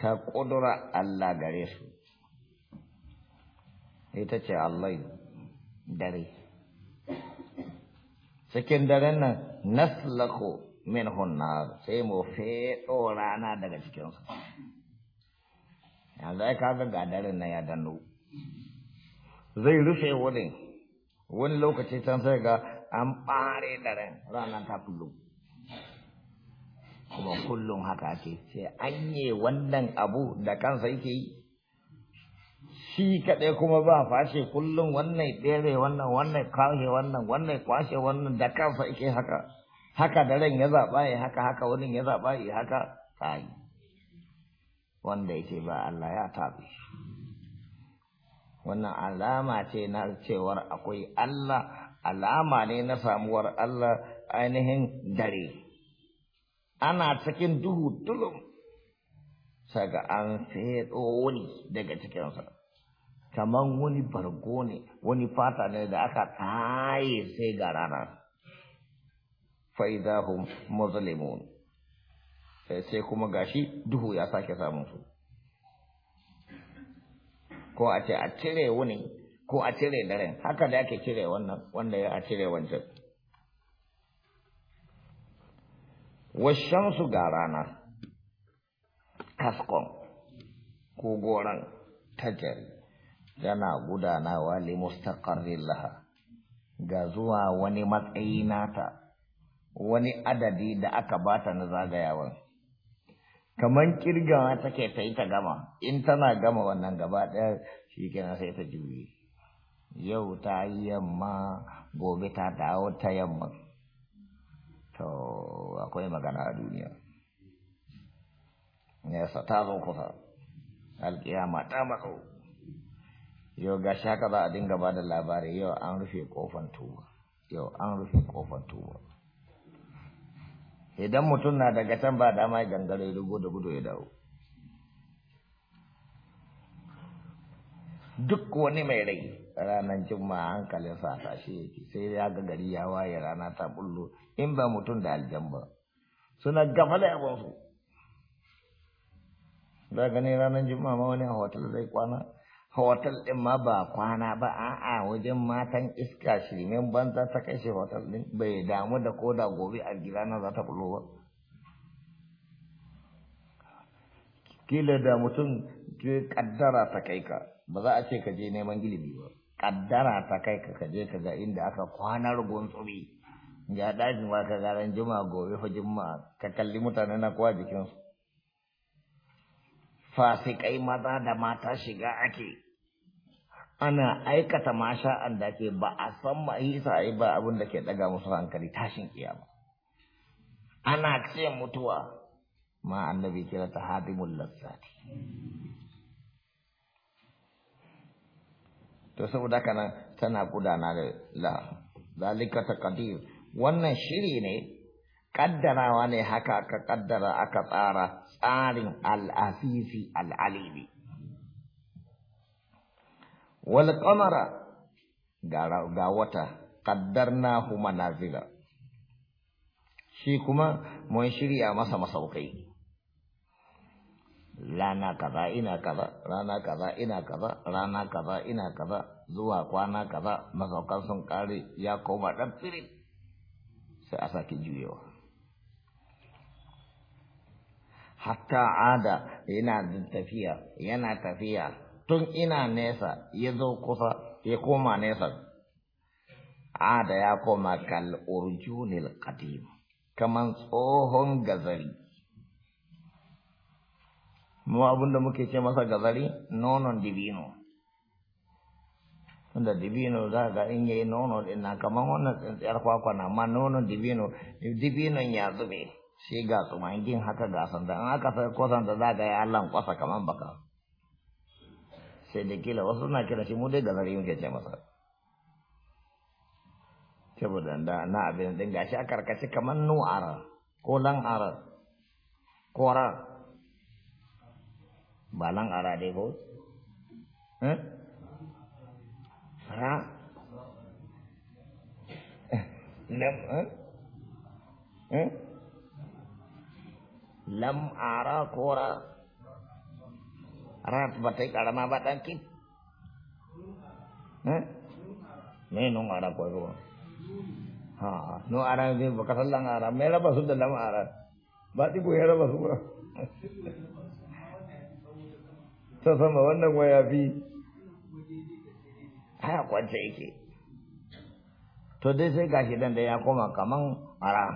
ta ƙudura Allah gare su ita ce Allah dare cikin daren nan naslako min hunna sai mu feɗo rana daga cikinsu yanzu ai kaga ga daren nan ya danno zai rufe wani wani lokaci can sai ga an ɓare da ranar ta kullum kuma kullum haka ake sai an yi wannan abu da kansa yake yi shi kaɗai kuma ba fashe kullum wannan ɗere wannan wannan kwashe wannan wannan kwashe wannan da kansa yake haka haka da ran ya zaɓa yi haka haka wani ya zaɓa yi haka kai wanda yake ba Allah ya tabi wannan alama ce na cewar akwai Allah alama ne na samuwar Allah ainihin dare ana cikin duhu tulum saga an fedo wani daga cikinsa kaman wani bargo ne wani fata ne da aka taye sai ga rana faidahum muzlimun sai kuma gashi duhu ya sake samun su ko a ce a cire wani ko a cire daren haka da ake cire wannan wanda ya cire wancan washan su ga rana kaskon ko goron tajari yana gudanawa li mustaqarrin laha ga zuwa wani matsayi nata wani adadi da aka bata na zagayawan Kamar kirgawa take ta yi ta gama in tana gama wannan gaba ɗaya shi kenan sai ta juye yau ta yi yamma gobe ta dawo ta yamma to akwai magana a duniya nesa ta zo kusa alƙiyama ta matso yau ga ka za a dinga ba da labari yau an rufe kofan tuba yau an rufe kofan tuba idan mutum na daga can ba dama gangare rugo da gudu ya dawo duk wani mai rai ranar juma'a hankalin a shi yake sai ya ga gari ya waye rana ta bullo in ba mutum da aljan ba suna da yabonsu za gani ranar juma'a ma wani a hotel zai kwana hotel din ma ba kwana ba a wajen matan iska shirmen banza ta kai shi hotel din bai damu da ko da gobe a gida na za ta bullo ba kila da mutum ke kaddara ta kai ka ba za a ce ka je neman gilibi ba kaddara ta kai ka kaje ka ga inda aka kwana guntsumi ya dajin wa ka garan juma gobe fa juma ka kalli mutane na kowa jikin su fasikai maza da mata shiga ake ana aikata masha an da ke ba a san isa yi ba abin da ke daga musu hankali tashin kiyama ana ce mutuwa ma annabi kira ta hadimul lazzati to saboda haka nan tana gudana da la zalika taqdir wannan shiri ne kaddarawa ne haka aka kaddara aka tsara tsarin al-afifi al-alimi wal qamara ga wata kaddarnahu manazila shi kuma mun shirya masa masaukai rana kaza ina kaza rana kaza ina kaza rana kaza ina kaza zuwa kwana kaza masaukan sun kare ya koma dan firin sai a sake juyewa hatta ada yana tafiya yana tafiya tun ina nesa ya zo kusa ya koma nesa ada ya koma kal urjunil qadim kaman tsohon gazari mu abinda muke ce masa gazari nonon dibino tunda dibino za ga in yayi nono din na kaman wannan tsintsiyar kwakwa na amma nonon dibino dibino ya zube shi ga tsumangin haka ga sanda in aka sai kosan da za ga ya Allah kwasa kaman baka sai da kila wasu na kira shi mu dai gazari muke ce masa saboda da na abin din gashi a karkashi kaman nu'ara ko lan'ara ko ra balang ara dai ko ra lam eh? Eh? lam ara kora rat batai kala ma batan ki ne no ara ko ro ha no ara de bakasallang ara mera basu dalam ara bati ko era basu ta sama wannan waya fi haya kwance yake to dai sai gashi dan da ya koma kaman ara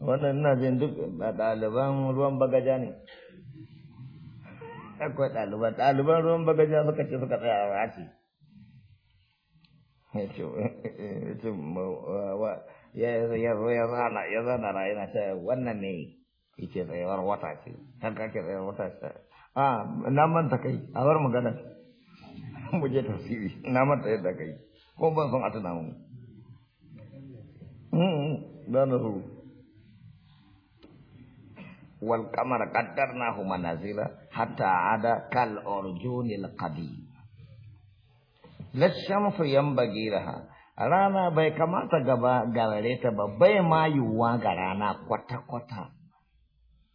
wannan ina jin duk ɗaliban ruwan bagaja ne akwai ɗaliban ɗaliban ruwan bagaja suka ce suka tsaya a rashi ya zana ya zana na ta wannan ne yake tsayawar wata ce haka kake tsayawar wata ce a na manta kai a bar magana mu je tafsiri na manta yadda kai ko ban san a tuna mu da na so wal qamara qaddarnahu manazila hatta ada kal urjunil qadim la shamsu yanbaghi laha rana bai kamata gaba gare ta ba bai ma yiwuwa ga rana kwata kwata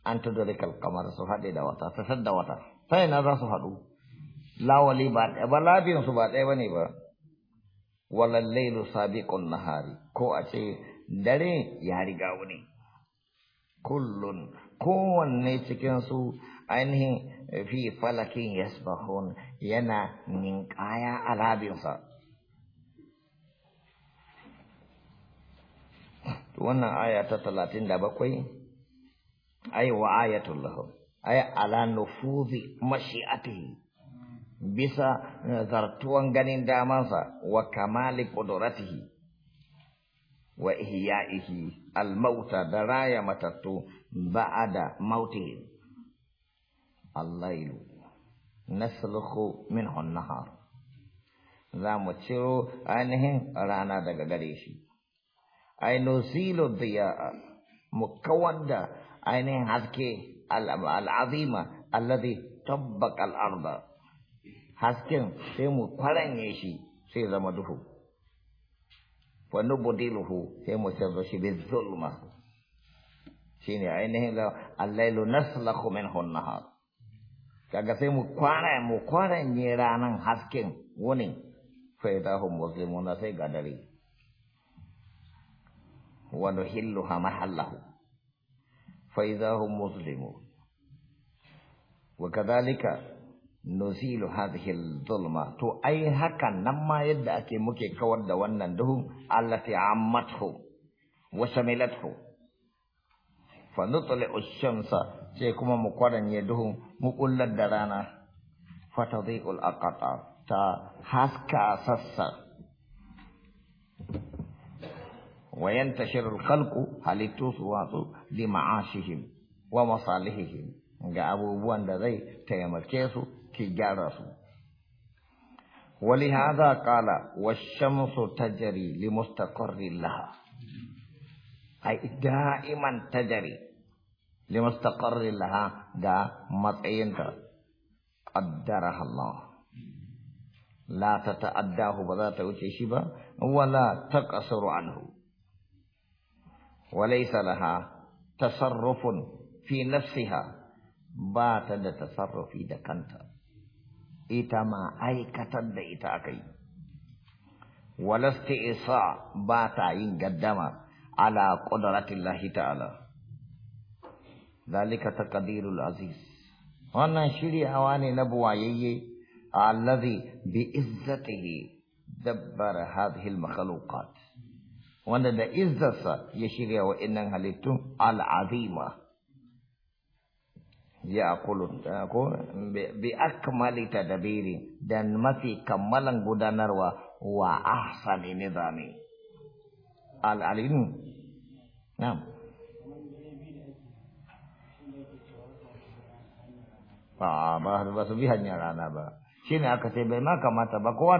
an tudrikal kamar su haɗe da wata ta sadda wata sai na za su haɗu lawali eh, ba ɗaya eh, ba labiyan su ba ɗaya ba ne ba walal lailu sabiqun nahari ko a ce dare ya riga wuni kullun kowanne cikin su ainihin fi falakin yasbahun yana ninkaya a labinsa wannan aya ta talatin da bakwai أي وآية لهم أي على نفوذ مشيئته bisa zartuwan ganin damansa wa kamali qudratihi wa ihya'ihi al-mauta da raya matattu ba'ada mautihim al-lailu naslukhu minhu an-nahar za mu ciro ainihin rana daga gare shi ai nuzilu diya mu kawar da ainihin haske al'azima alladhi tabbaq al'arda hasken sai mu kwaranye shi sai zama duhu wa nubdiluhu sai mu shi bi zulma shine ainihin ga al-lailu naslakhu minhu an-nahar kaga sai mu kwara mu kwaranye ranan hasken wani faidahum muslimuna sai ga dare wa ha mahallahu فإذا هم مظلمون وكذلك نزيل هذه الظلمة تو أي هكا نما يدأ كي مكي كود ونندهم التي عمته وشملته فنطلع الشمس سيكما مقرن يدهم مقل الدرانة فتضيء الأقطار تا هاسكا سسر وينتشر الخلق هل su لمعاشهم ومصالحهم ma'ashihim ابو masalihihim ga abubuwan da zai taimake ولهذا قال والشمس تجري لمستقر لها أي دائما تجري لمستقر لها دا مطعين قدرها الله لا تتأداه بذات وتشبه ولا تقصر عنه وليس لها تصرف في نفسها بات ده تصرف ده كانت ايتا ما اي كتد ده ايتا ولست اصاع باتا ينقدم على قدرة الله تعالى ذلك تقدير العزيز وانا شري اواني نبوى يي الذي بإزته دبر هذه المخلوقات wanda da izzarsa ya shirya wa innan halittun al'azima ya akulu ko bi da biri dan mafi kammalan gudanarwa wa ahsani nizami al ba ba su bi hanyar rana ba ne aka ce bai ma kamata ba kowa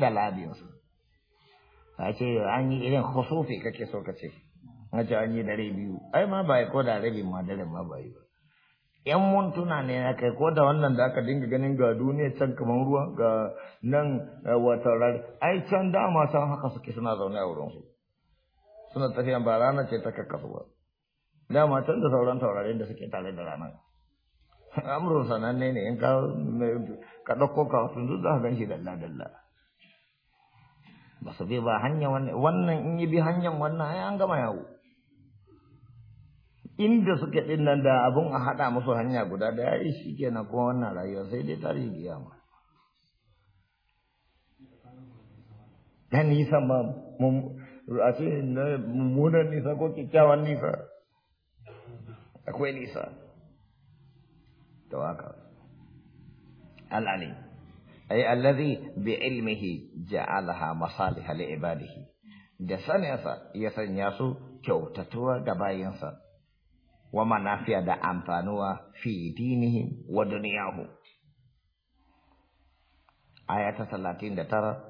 da labin a ce an yi irin husufi kake so ka ce na ce an yi dare biyu ai ma ba ko da rabi ma dare ma ba yi ba yan mun tuna ne na kai ko da wannan da aka dinga ganin ga duniya can kamar ruwa ga nan eh, wata rar ai can dama san haka suke suna zaune a wurin suna tafiya ba rana ce ta kakkasu ba dama can da sauran taurarin da suke tare da ranar amurin sananne ne in ka ɗauko ka wasu duk za ka gan shi dalla dalla ba su bi ba hanya wannan wannan in yi bi hanyan wannan ya an gama yawo inda suke din nan da abun a haɗa musu hanya guda da ya shi kenan kuma wannan rayuwa sai dai tarihi kiyama dan nisan ba a ce mummunan nisa ko kyakkyawan nisa akwai nisa ta waka al'alim ay allazi bi ilmihi ja'alaha masaliha li ibadihi da sanayasa ya sanya su kyautatuwa ga bayinsa wa manafiya da amfanuwa fi dinihi wa dunyahu ayata 39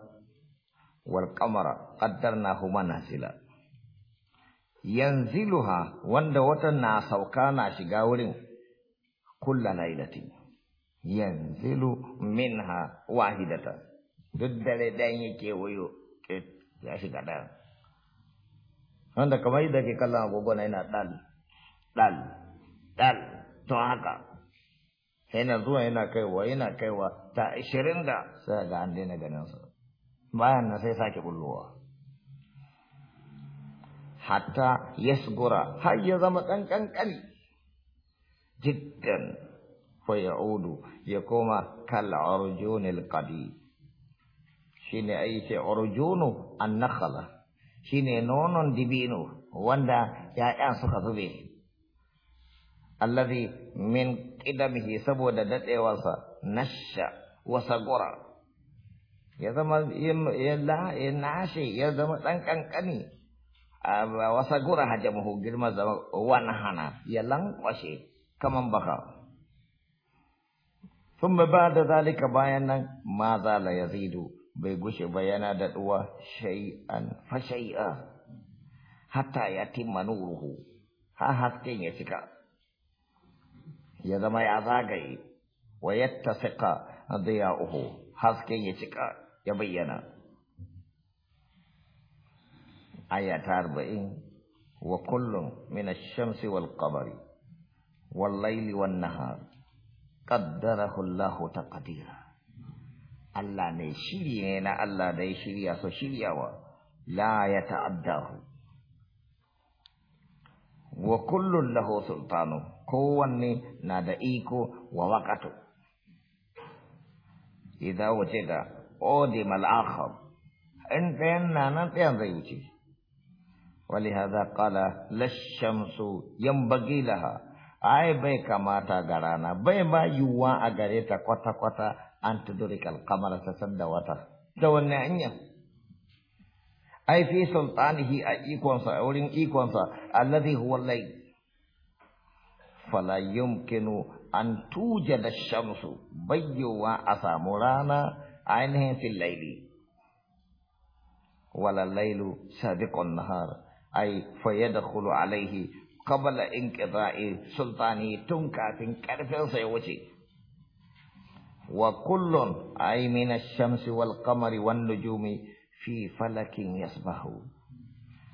wal qamara qaddarnahu manasila yanziluha wanda wata na sauka na shiga wurin kullalailatin yanzilu minha wahidatan duk dare dan yake wayo ya shiga ɗaya wanda kamar da ke kallon abubuwan yana ɗal ɗal ɗal to haka yana zuwa yana kaiwa yana kaiwa ta ashirin da sai ga an daina ganinsa bayan na sai sake bullowa hatta yasgura har ya zama ɗan ƙanƙani jiddan فيعود يقوم كالعرجون القديم شين اي شيء عرجون النخل شين نون دبينو وندا يا ان ذبيه الذي من قدمه سبود دت واسا نشا وسقرا يا زما يلا يناشي يا زما تنكنكني آه، وسقرا هجمه ما زما وانا ونهنا يلان وشي كمان بخاف ثم بعد ذلك بيانا ما زال يزيد بيغش بيانا دعوة شيئا فشيئا حتى يتم نوره ها حسكين يشكا يزم يعزاقي ويتسق ضياؤه حسكين يشكا يبينا آية أربعين وكل من الشمس والقمر والليل والنهار قدره الله تقديرا الله نشيرينا الله نشيريا سوشيريا لا يتعداه وكل له سلطان كواني نادئيكو ووقتو إذا وجد أودم الآخر أنت أنا أنت أنت ولهذا قال للشمس ينبغي لها ai bai kamata ga rana bai ma yiwuwa a gare ta kwata-kwata an tudurik kalkamar ta da wata ta wannan hanya ai fi sultanihi a ikonsa a wurin ikonsa allazi huwa lai fala yumkinu an tuja da shamsu bayyowa a samu rana ainihin fil laili wala lailu sabiqun nahar ai fayyada hulu alaihi قبل انقضاء سلطانه تنكا كرفين سيوشي وكل أي من الشمس والقمر والنجوم في فلك يسبح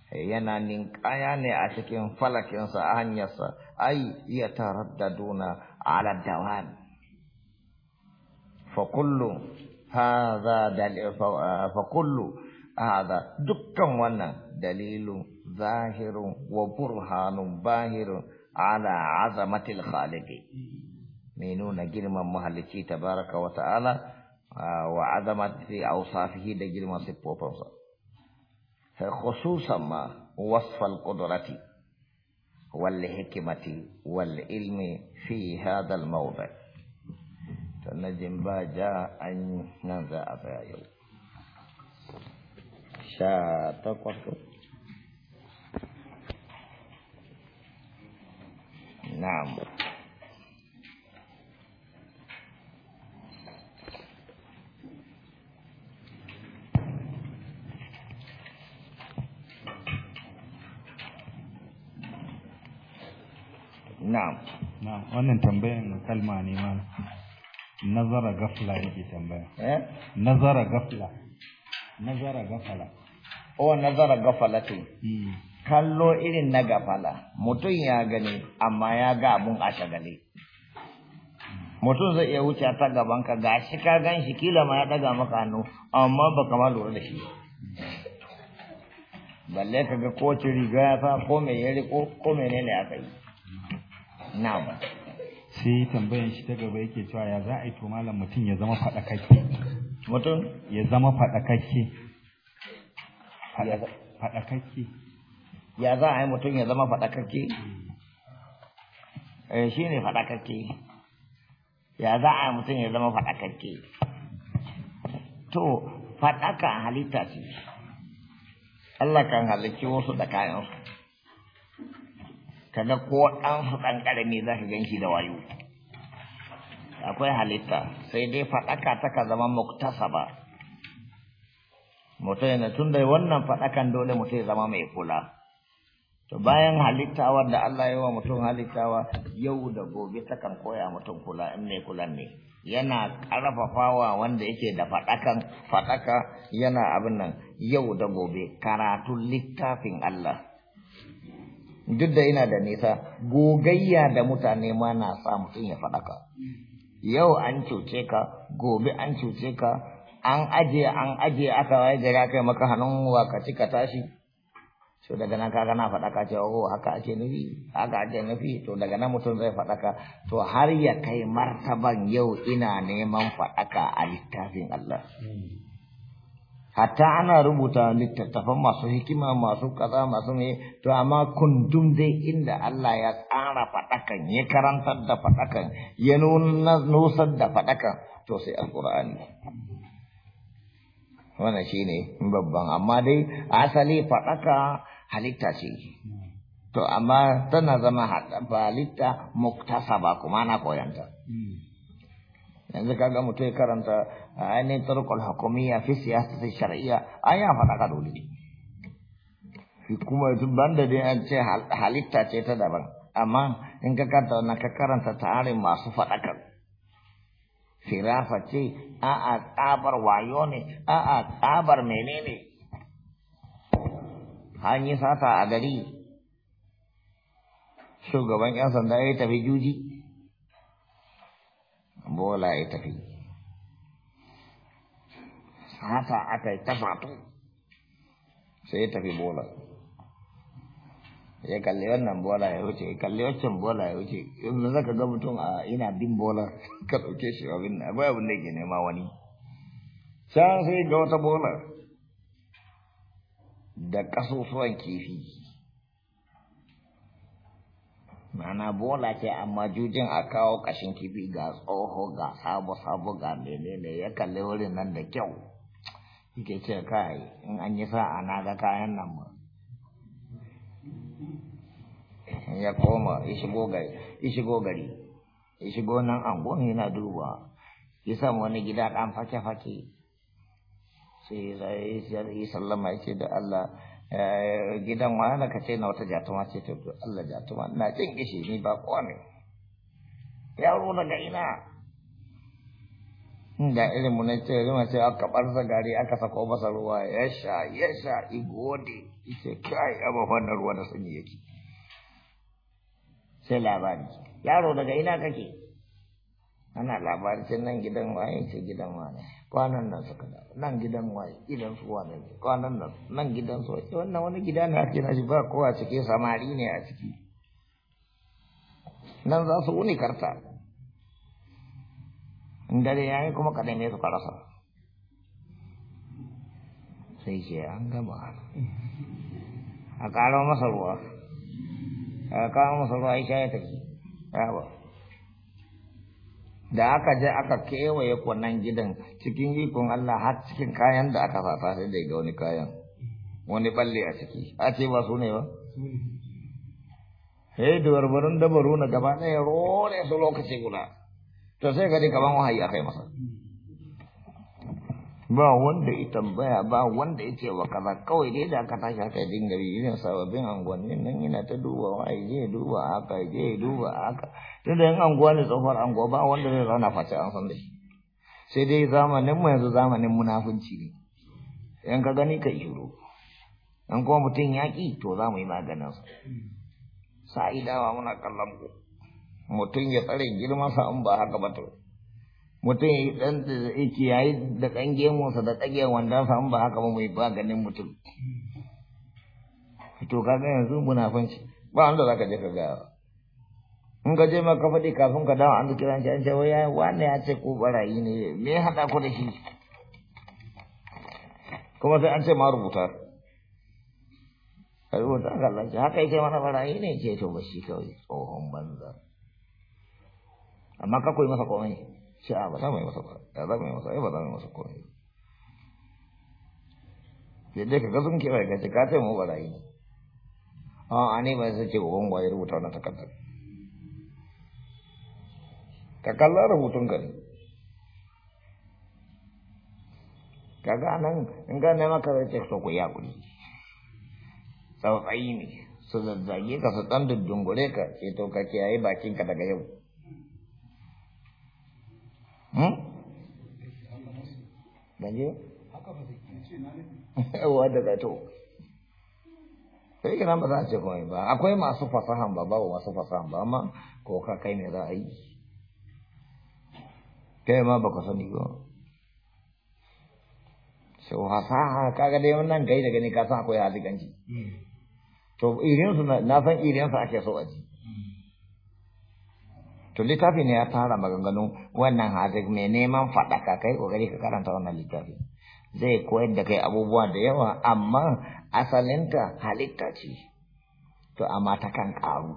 yana ninkaya ne a cikin falakinsa a hanyarsa ai ya taraddaduna ala dawan fa kullu hadha dalil fa kullu hadha dukkan wannan dalilu ظاهر وبرهان باهر على عظمة الخالق مينون جرم مهلكي تبارك وتعالى آه، وعظمة في أوصافه لجرم سبوبنصر خصوصا ما وصف القدرة والحكمة والعلم في هذا الموضع تنجم باجا أن ننزع في يوم شاتقكم na'am Na'am. Na'am, wannan tambayan kalma ne ma. Nazara gafla yake tambaya. Eh? Nazara gafla. Nazara gafala. Oh, nazara gafalatu. Mm. kallo irin na gafala mutum ya gani amma ya ga abun a shagale mutum zai iya wuce ta gaban ka shi ka gan shi kila ma ya daga maka hannu amma ba kama lura da shi balle ka ga kowace riga ya sa ko mai ya ko mai nene aka yi na ba sai tambayan shi ta gaba yake cewa ya za a yi to malam mutum ya zama faɗakakke mutum ya zama faɗakakke ya za a yi mutum ya zama faɗakakke eh shi ne faɗakakke ya za a yi mutum ya zama faɗakakke to faɗaka halitta ce Allah kan halicci wasu da kayansu Kada ko ɗan su ɗan ƙarami za ka gan shi da wayo akwai halitta sai dai faɗaka ta ka zama muktasaba mutum yana tun da wannan faɗakan dole mutum ya zama mai kula To bayan halittawa da Allah ya wa mutum halittawa yau da gobe takan koya mutum kula in mai kula ne. Yana ƙarfafawa wanda yake da faɗakan faɗaka yana abin nan yau da gobe karatu littafin Allah. Duk da yana da nisa gogayya da mutane ma na sa mutum ya faɗaka. Yau an cuce ka, gobe an cuce ka, an aje an aje aka waye gari aka maka hannun waka ka tashi. so daga nan kaga na faɗa ka ce oh haka ake nufi haka ake nufi to daga nan mutum zai faɗa ka to har ya kai martaban yau ina neman faɗaka a littafin Allah hatta ana rubuta littattafan masu hikima masu kaza masu ne to amma kundum dai inda Allah ya tsara faɗakan ya karantar da fadakan ya nusar da fadakan to sai alƙur'ani wannan shine babban amma dai asali faɗaka halitta ce to amma tana zama ba halitta saba kuma na koyanta yanzu kaga mutum ya karanta ainihin tarkul hukumiyya fi siyasa sai shari'a an yi amfana ka dole kuma da dai an ce halitta ce ta daban amma in ka karanta na ka karanta tarin masu faɗakar firafa ce a'a tsabar wayo ne a'a tsabar menene an yi sata a gari shugaban 'yan sanda ya tafi juji bola ya tafi sata aka yi tafatu sai ya tafi bola ya kalli wannan bola ya wuce ya kalli waccan bola ya wuce yanzu zaka ga mutum a ina bin bola ka ɗauke shi abin akwai abin da ke nema wani can sai ga wata bola da ƙasusuwan kifi mana bola ce amma jujin a kawo ƙashin kifi ga tsoho ga sabo-sabo ga menene ya kalli wurin nan da kyau yake ce kai in an yi sa'a na ga kayan nan ma ya koma ishigo gari ishigo nan an angon yana duba ya samu wani gida ɗan fake-fake sai zai sallama ya ce da Allah eh, gidan wa ka ce na wata jatuma ce ta Allah jatuma na cin gishi ni ba kowa ne yaro daga ina da hmm, irin mu na ce rima ce aka barza gari aka sako masa ruwa ya sha ya sha igode ce kai abu wannan ruwa da sanyi yake sai labari yaro daga ina kake ana labarin nan gidan waye ce gidan ne. kwanan nan suka da nan gidan waye gidan su wane kwanan nan nan gidan su waye wannan wani gida ne ake na shi ba kowa cike samari ne a ciki nan za su wuni karta inda dare ya yi kuma kaɗan ne suka rasa sai ke an gama a ƙaro masa ruwa a ƙaro masa ruwa ya sha ya tafi da aka je aka kewaye kwanan gidan cikin ikon Allah har cikin kayan da aka fata sai da ga wani kayan wani balle a ciki a ce ba su ne ba sai dubarbarin dabaru na gaba ɗaya rore su lokaci guda to sai gadi kaman wahayi akai masa ba wanda ya tambaya ba wanda ya ce wa kaza kawai dai da aka tashi haka dinga yi irin sababbin anguwannin nan yana ta duba wa ai je ya duba haka ya je duba haka tunda yan anguwa ne tsohuwar anguwa ba wanda zai zauna face an san dai. sai dai zamanin mu yanzu zamanin munafunci ne yan ka gani ka iro yan kuma mutum ya ki to za mu yi maganin sa sa'idawa muna kallon ku mutum ya tsare girman sa in ba haka ba to mutum ya dan ce yi da ɗan gemunsa da ɗage wanda samu ba haka ba mai ba ganin mutum to ga yanzu fanci ba wanda ka je ka ga in ka je maka faɗi kafin ka dawo an kira shi an ce wai ya wani ya ce ko barayi ne me ya haɗa ku da shi kuma sai an ce ma rubuta kai rubuta ka shi haka yake mana barayi ne ke to ba shi kawai tsohon banza amma ka koyi masa komai sai a ba za mu yi masa ba ya za mu yi masa ai ba za mu yi masa komai yadda ka ga Ah, kira ka ka ce mu barayi a a ne ba sai ce uban takardar ka ka kaga nan in nama maka zai ce ya guri tsautsayi ne su zazzage ka su ɗan dundungure ka ce to ka bakinka daga yau Banje? Haka ba zai to. Sai kira ba za a ce komai ba. Akwai masu fasahan ba, babu masu fasahan ba, amma ko ka kai ne za a yi. Kai ma ba ka sani ba. Sau fasaha kaga dai wannan kai da gani ka san akwai halikanci. To irinsu na san irinsu ake so a to littafi ne ya tara maganganu wannan hazik mai neman faɗaka kai ƙoƙari ka karanta wannan littafi zai koyar da kai abubuwa da yawa amma asalinta halitta ce to amma ta kan ƙaru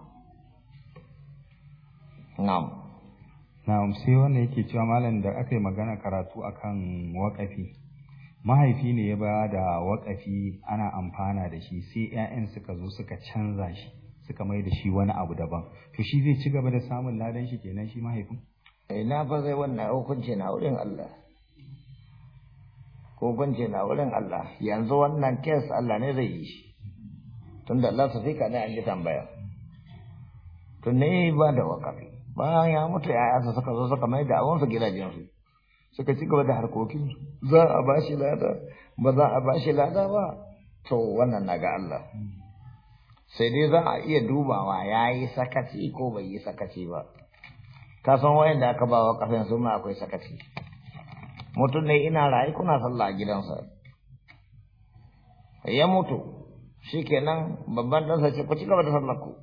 na'am sai wanda yake cewa malam da aka yi magana karatu akan waƙafi mahaifi ne ya ba da waƙafi ana amfana da shi sai 'ya'yan suka zo suka canza shi suka mai da shi wani abu daban to shi zai ci gaba da samun ladan shi kenan shi mahaifin ina fa zai wannan hukunci na wurin Allah hukunci na wurin Allah yanzu wannan kes Allah ne zai yi shi tunda Allah sai ka ne an ji tambaya to ne ba da wakafi bayan ya mutu ya yasa suka zo suka mai da abun su gidajen su suka ci gaba da harkokin za a bashi lada ba za a bashi lada ba to wannan naga Allah sai dai za a iya dubawa ya yi sakaci ko bai yi sakaci ba ka san wayan da aka bawa kafin sun akwai sakaci mutum ne ina rayu kuna sallah a gidansa ya mutu shikenan babban ɗansa ce ku ci gaba da sallar ku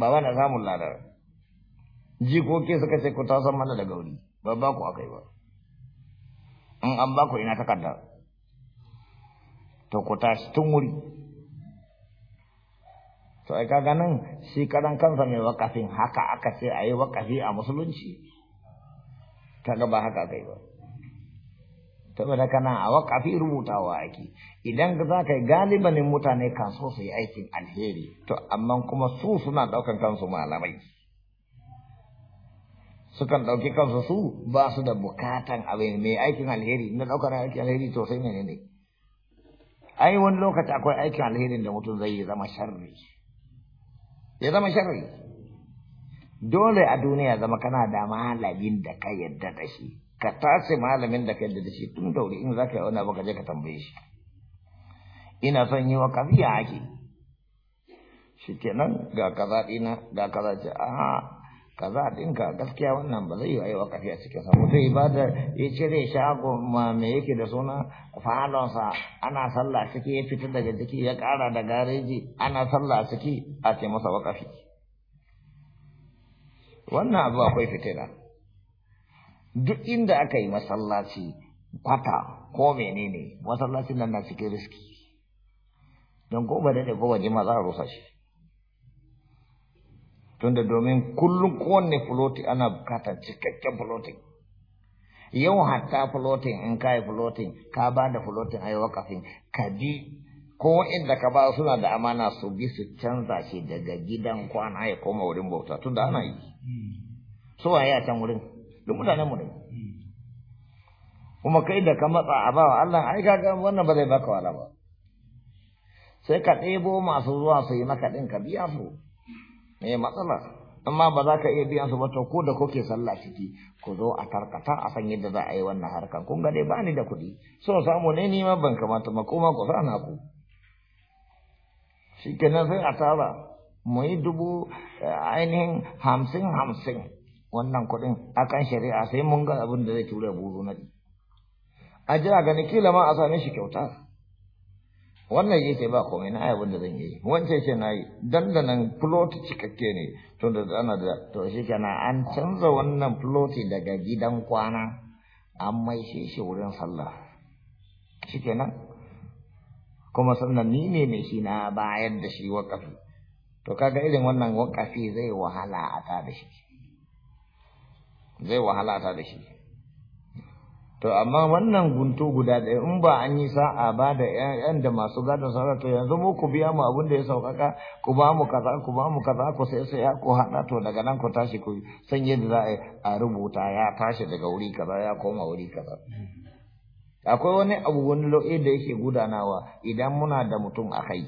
ba na samun ladar jikoki suka ce ku san mana da gauri ba ba ku akai yi ba in an ba ku ina takarda to ku tashi tun wuri to ai kaga nan shi karan kansa mai wakafin haka aka ce ayi wakafi a musulunci kaga ba haka kai ba saboda kana a wakafi rubutawa ake idan za ka yi galiban mutane kan so su yi aikin alheri to amma kuma su suna ɗaukan kansu malamai sukan ɗauki kansu su ba su da bukatan abin mai aikin alheri na ɗaukar aikin alheri to sai menene ai wani lokaci akwai aikin alherin da mutum zai yi zama sharri ya zama sharri dole a duniya zama kana da malamin da ka yadda da shi ka tace malamin da ka yadda da shi tun wuri in za ka yi wani abu ka je ka tambaye shi ina son yi wa kafiya ake shi kenan ga kaza ɗina ga kaza ce a kaza dinka gaskiya wannan ba zai yi aiwa kafi a cikin sa mutum ibada ya cire shago ma me yake da suna fahalonsa ana sallah ciki ya fita daga ciki ya kara da gareji ana sallah ciki a ce masa wakafi wannan abu akwai fitila duk inda aka yi masallaci kwata ko menene masallacin nan na cikin riski don ko ba da ko ba jima za a rusa shi tunda domin kullum kowanne floating ana bukatar cikakken floating yau hatta floating in ka yi floating ka ba da floating a yi wakafin ka bi ko inda ka ba suna da amana su bi su canza shi daga gidan kwana ya koma wurin bauta tunda ana yi so yi a can wurin duk mutanen mu ne kuma kai da ka matsa a bawa Allah ai kaga wannan ba zai baka wala ba sai ka ɗebo masu zuwa su yi maka ɗin ka biya su me eh, matsala amma ba za ka iya biyan su ba to ko da kuke sallah ciki ku zo a tarkata a san yadda za a yi wannan harkan kun ga dai ba ni da kuɗi so samu ne ni ma ban kamata ma kuma ku sana ku shikenan sai a tara mu yi dubu eh, ainihin hamsin hamsin wannan kuɗin akan shari'a sai mun ga abin da zai tura buru na a jira ga kila ma a same shi kyauta wannan yake ba komai na ayyukan da zan yi wancan ce na yi dandanan plot cikakke ne to da ana da to shi kenan an canza wannan plot daga gidan kwana an mai shi shi wurin sallah shi kenan kuma sannan ni ne mai shi na bayar da shi wakafi to kaga irin wannan wakafi zai wahala a ta da shi zai wahala a ta da shi to amma wannan guntu guda ɗaya in ba an yi sa'a ba da ƴaƴan da masu gadon sarar to yanzu mu ku biya mu abin da ya sauƙaƙa ku ba mu kaza ku ba mu kaza ku sai sai ya ku haɗa to daga nan ku tashi ku san yadda za a rubuta ya tashi daga wuri kaza ya koma wuri kaza akwai wani abu wani lo'i da yake gudanawa idan muna da mutum a kai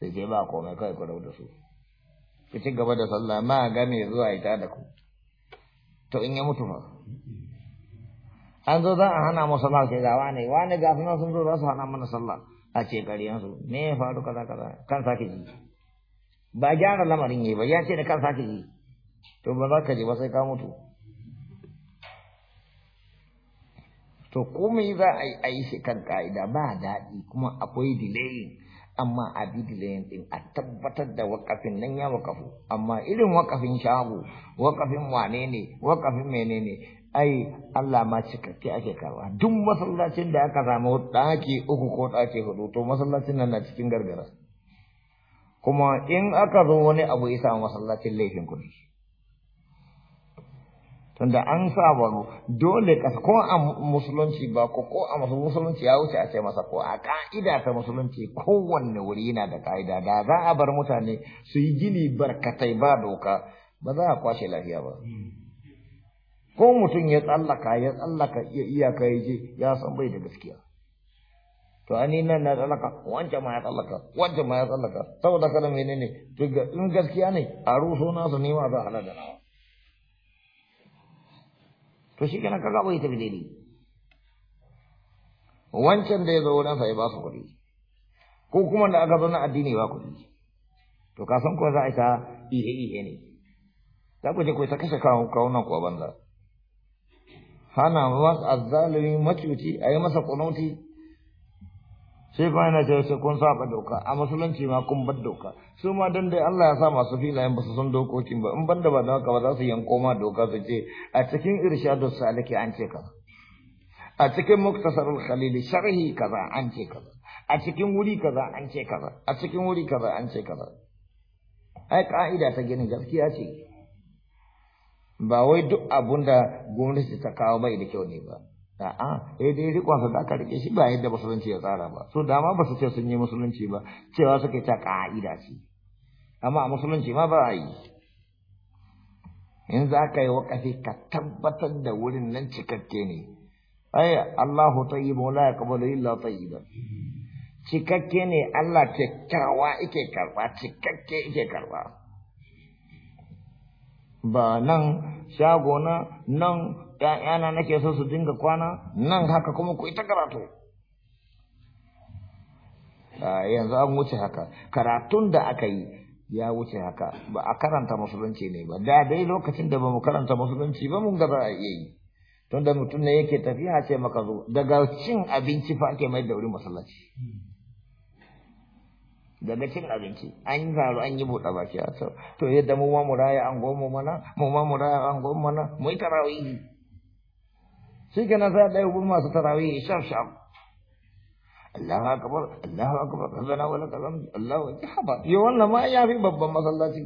sai dai ba komai kai ku da su ku ci gaba da sallah ma game zuwa ita da ku to in ya mutu fa an zo za a hana mu sallah sai ga wane wane ga suna sun zo za su hana mana sallah a ce ƙaryansu me ya faru kaza kaza kan sake ji ba gyara lamarin yi ba ya ce da kan sake ji to ba za ka je ba sai ka mutu to komai za a yi a yi shi kan ka'ida ba daɗi kuma akwai delaying amma a bi dilayin din a tabbatar da wakafin nan ya wakafu amma irin wakafin shago wakafin wane ne wakafin menene ai Allah ma cikakke ake karwa duk masallacin da aka samu ɗaki uku ko ɗaki hudu to masallacin nan na cikin gargara kuma in aka zo wani abu isa masallacin laifin kuɗi tunda an saba dole kasa ko a musulunci ba ko ko a musulunci ya wuce a ce masa ko a ka'ida ta musulunci kowanne wuri yana da ka'ida da za a bar mutane su yi gini barkatai ba doka ba za a kwashe lafiya ba. Hmm. ko mutum ya tsallaka ya tsallaka ya iyaka ya je ya san bai da gaskiya to ani nan na tsallaka wancan ma ya tsallaka wancan ma ya tsallaka saboda kada nene, to in gaskiya ne a ruso nasu ne ma za a da nawa to shi kana kaga bai tafi daidai wancan da ya zo wurin sa ya ba su kuɗi ko kuma da aka zo na addini ba kuɗi to ka san ko za a isa ihe ihe ne za ku je ku ta kashe kawunan kuwa banza hana masa azzalimi macuci a yi masa kunauti sai kuma yana cewa sai kun saba doka a musulunci ma kun bar doka su ma don dai Allah ya sa masu filayen ba su san dokokin ba in ban da ba da haka ba za su yanko ma doka su ce a cikin Irshadu saliki an ce kaza a cikin muktasarul khalili sharhi kaza an ce kaza a cikin wuri kaza an ce kaza a cikin wuri kaza an ce kaza ai ka'ida ta gini gaskiya ce ba wai duk abun da gwamnati ta kawo bai da kyau ne ba a'a eh dai rikon da aka rike shi ba yadda musulunci ya tsara ba so dama ba su ce sun yi musulunci ba cewa suka ta ka'ida ce amma a musulunci ma ba a yi in za ka yi wakafi ka tabbatar da wurin nan cikakke ne ai Allahu tayyib wala yaqbalu illa tayyiban cikakke ne Allah kyakkyawa yake karba cikakke yake karba ba nan shago na nan ‘ya'yana nake so su dinga kwana nan haka kuma ku ita karatu. Yanzu an wuce haka, karatun da aka yi ya wuce haka, ba a karanta musulunci ne ba, da dai lokacin da ba mu karanta musulunci ba mun gaba a iya yi. Tunda mutum ne yake tafiya ce maka zo, daga cin abinci fa ake mai da wuri masallaci. daga cin abinci an yi faru an yi buɗe baki a sau to yadda mu ma mu raya an goma mana mu ma mu raya an goma mana mu yi tarawihi shi ke nan sai ɗaya gurma su tarawihi shaf shaf Allahu akbar Allahu akbar rabbana wa lakal Allah Allahu kabar yo wannan ma ya fi babban masallaci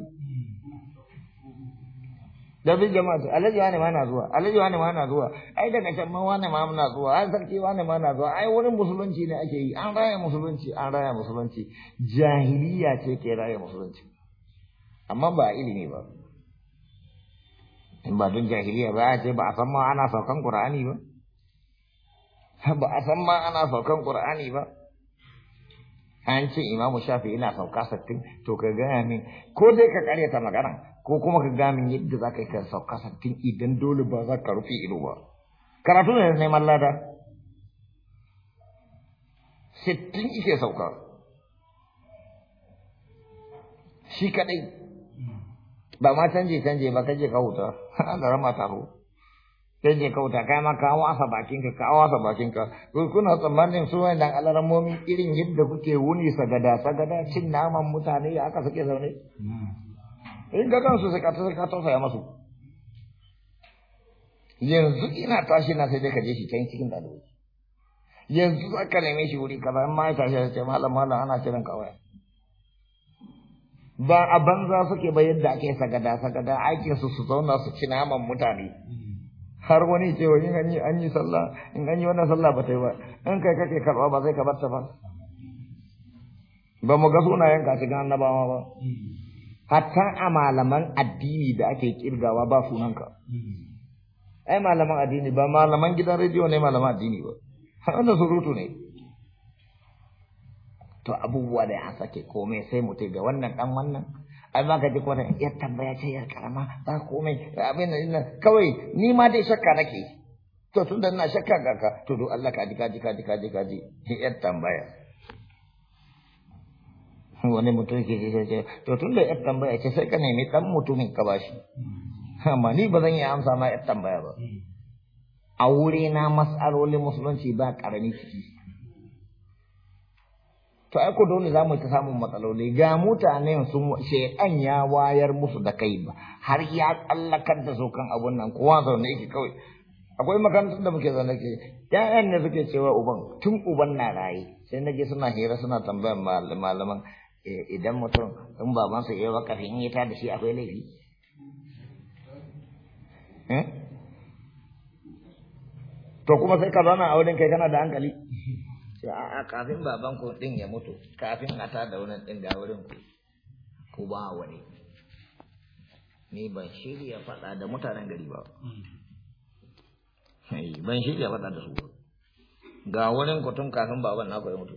da bin jama'a alhaji wani ma na zuwa alhaji wani ma na zuwa ai daga can ma wani ma na zuwa ai sarki wani ma na zuwa ai wurin musulunci ne ake yi an raya musulunci an raya musulunci jahiliya ce ke raya musulunci amma ba ilimi ba in ba don jahiliya ba a ce ba a san ma ana saukan qur'ani ba ba a san ma ana saukan qur'ani ba an ce imamu shafi ina sauka sattin to ka gaya min ko dai ka karyata magana ko kuma ka gamin yadda za ka yi kan sauka sattin idan dole ba za ka rufe ido ba karatu ne neman lada sittin ike sauka shi kaɗai ba ma canje canje ba kaje ka huta da rama taro canje ka huta kai ma ka wasa bakinka ka wasa bakinka ko kuna tsammanin su wannan alaramomi irin yadda kuke wuni sagada sagada cin naman mutane aka suke zaune hmm. in ga kansu sai ka ka tausaya masu yanzu ina tashi na sai dai ka je shi can cikin dalibai yanzu za ka neme shi wuri kaza in ma ya tashi ya ce malam malam ana kiran ka waya ba a banza suke ba yadda ake sagada sagada aikin su su zauna su ci naman mutane har wani ce wani an yi an yi sallah in an yi wannan sallah ba ta yi ba in kai kake karɓa ba zai ka bar ta ba ba mu ga sunayen ka cikin annabawa ba hatta a malaman addini da ake kirgawa ba ka. Hmm. ai malaman addini ba malaman gidan rediyo ne malaman addini ba wanda surutu ne to abubuwa da ya sake komai sai mutum ga wannan dan wannan ai ba ka ji ko ya tambaya ce ya karama ba komai abin nan kawai ni ma dai shakka nake to tunda ina shakka ga ka to do Allah ka ji ka ji ka ji ka ji ka ji ya tambaya wani mutum ke ce ce to tun da yar tambaya ce sai ka nemi dan mutumin ka bashi amma ni ba zan iya amsa ma yar tambaya ba a wuri na masaloli musulunci ba karami ciki to ai ko dole za mu ta samun matsaloli ga mutane sun shekan ya wayar musu da kai ba har ya tsallakar da su abun nan kowa zaune yake kawai akwai makarantar da muke zaune ke ƴaƴan ne suke cewa uban tun uban na raye sai nage suna hira suna tambayan malaman Eh, idan mutum in babansa ya waka in ya ta da shi akwai laifi eh? to kuma sai ka zauna a wurin kai kana da hankali a kafin baban ku din ya mutu kafin a ta da wurin din ga wurin ku ku ba wani ni ban shirya faɗa da mutanen gari ba eh, ban shirya faɗa da su ga wurin ku tun kafin baban na ya mutu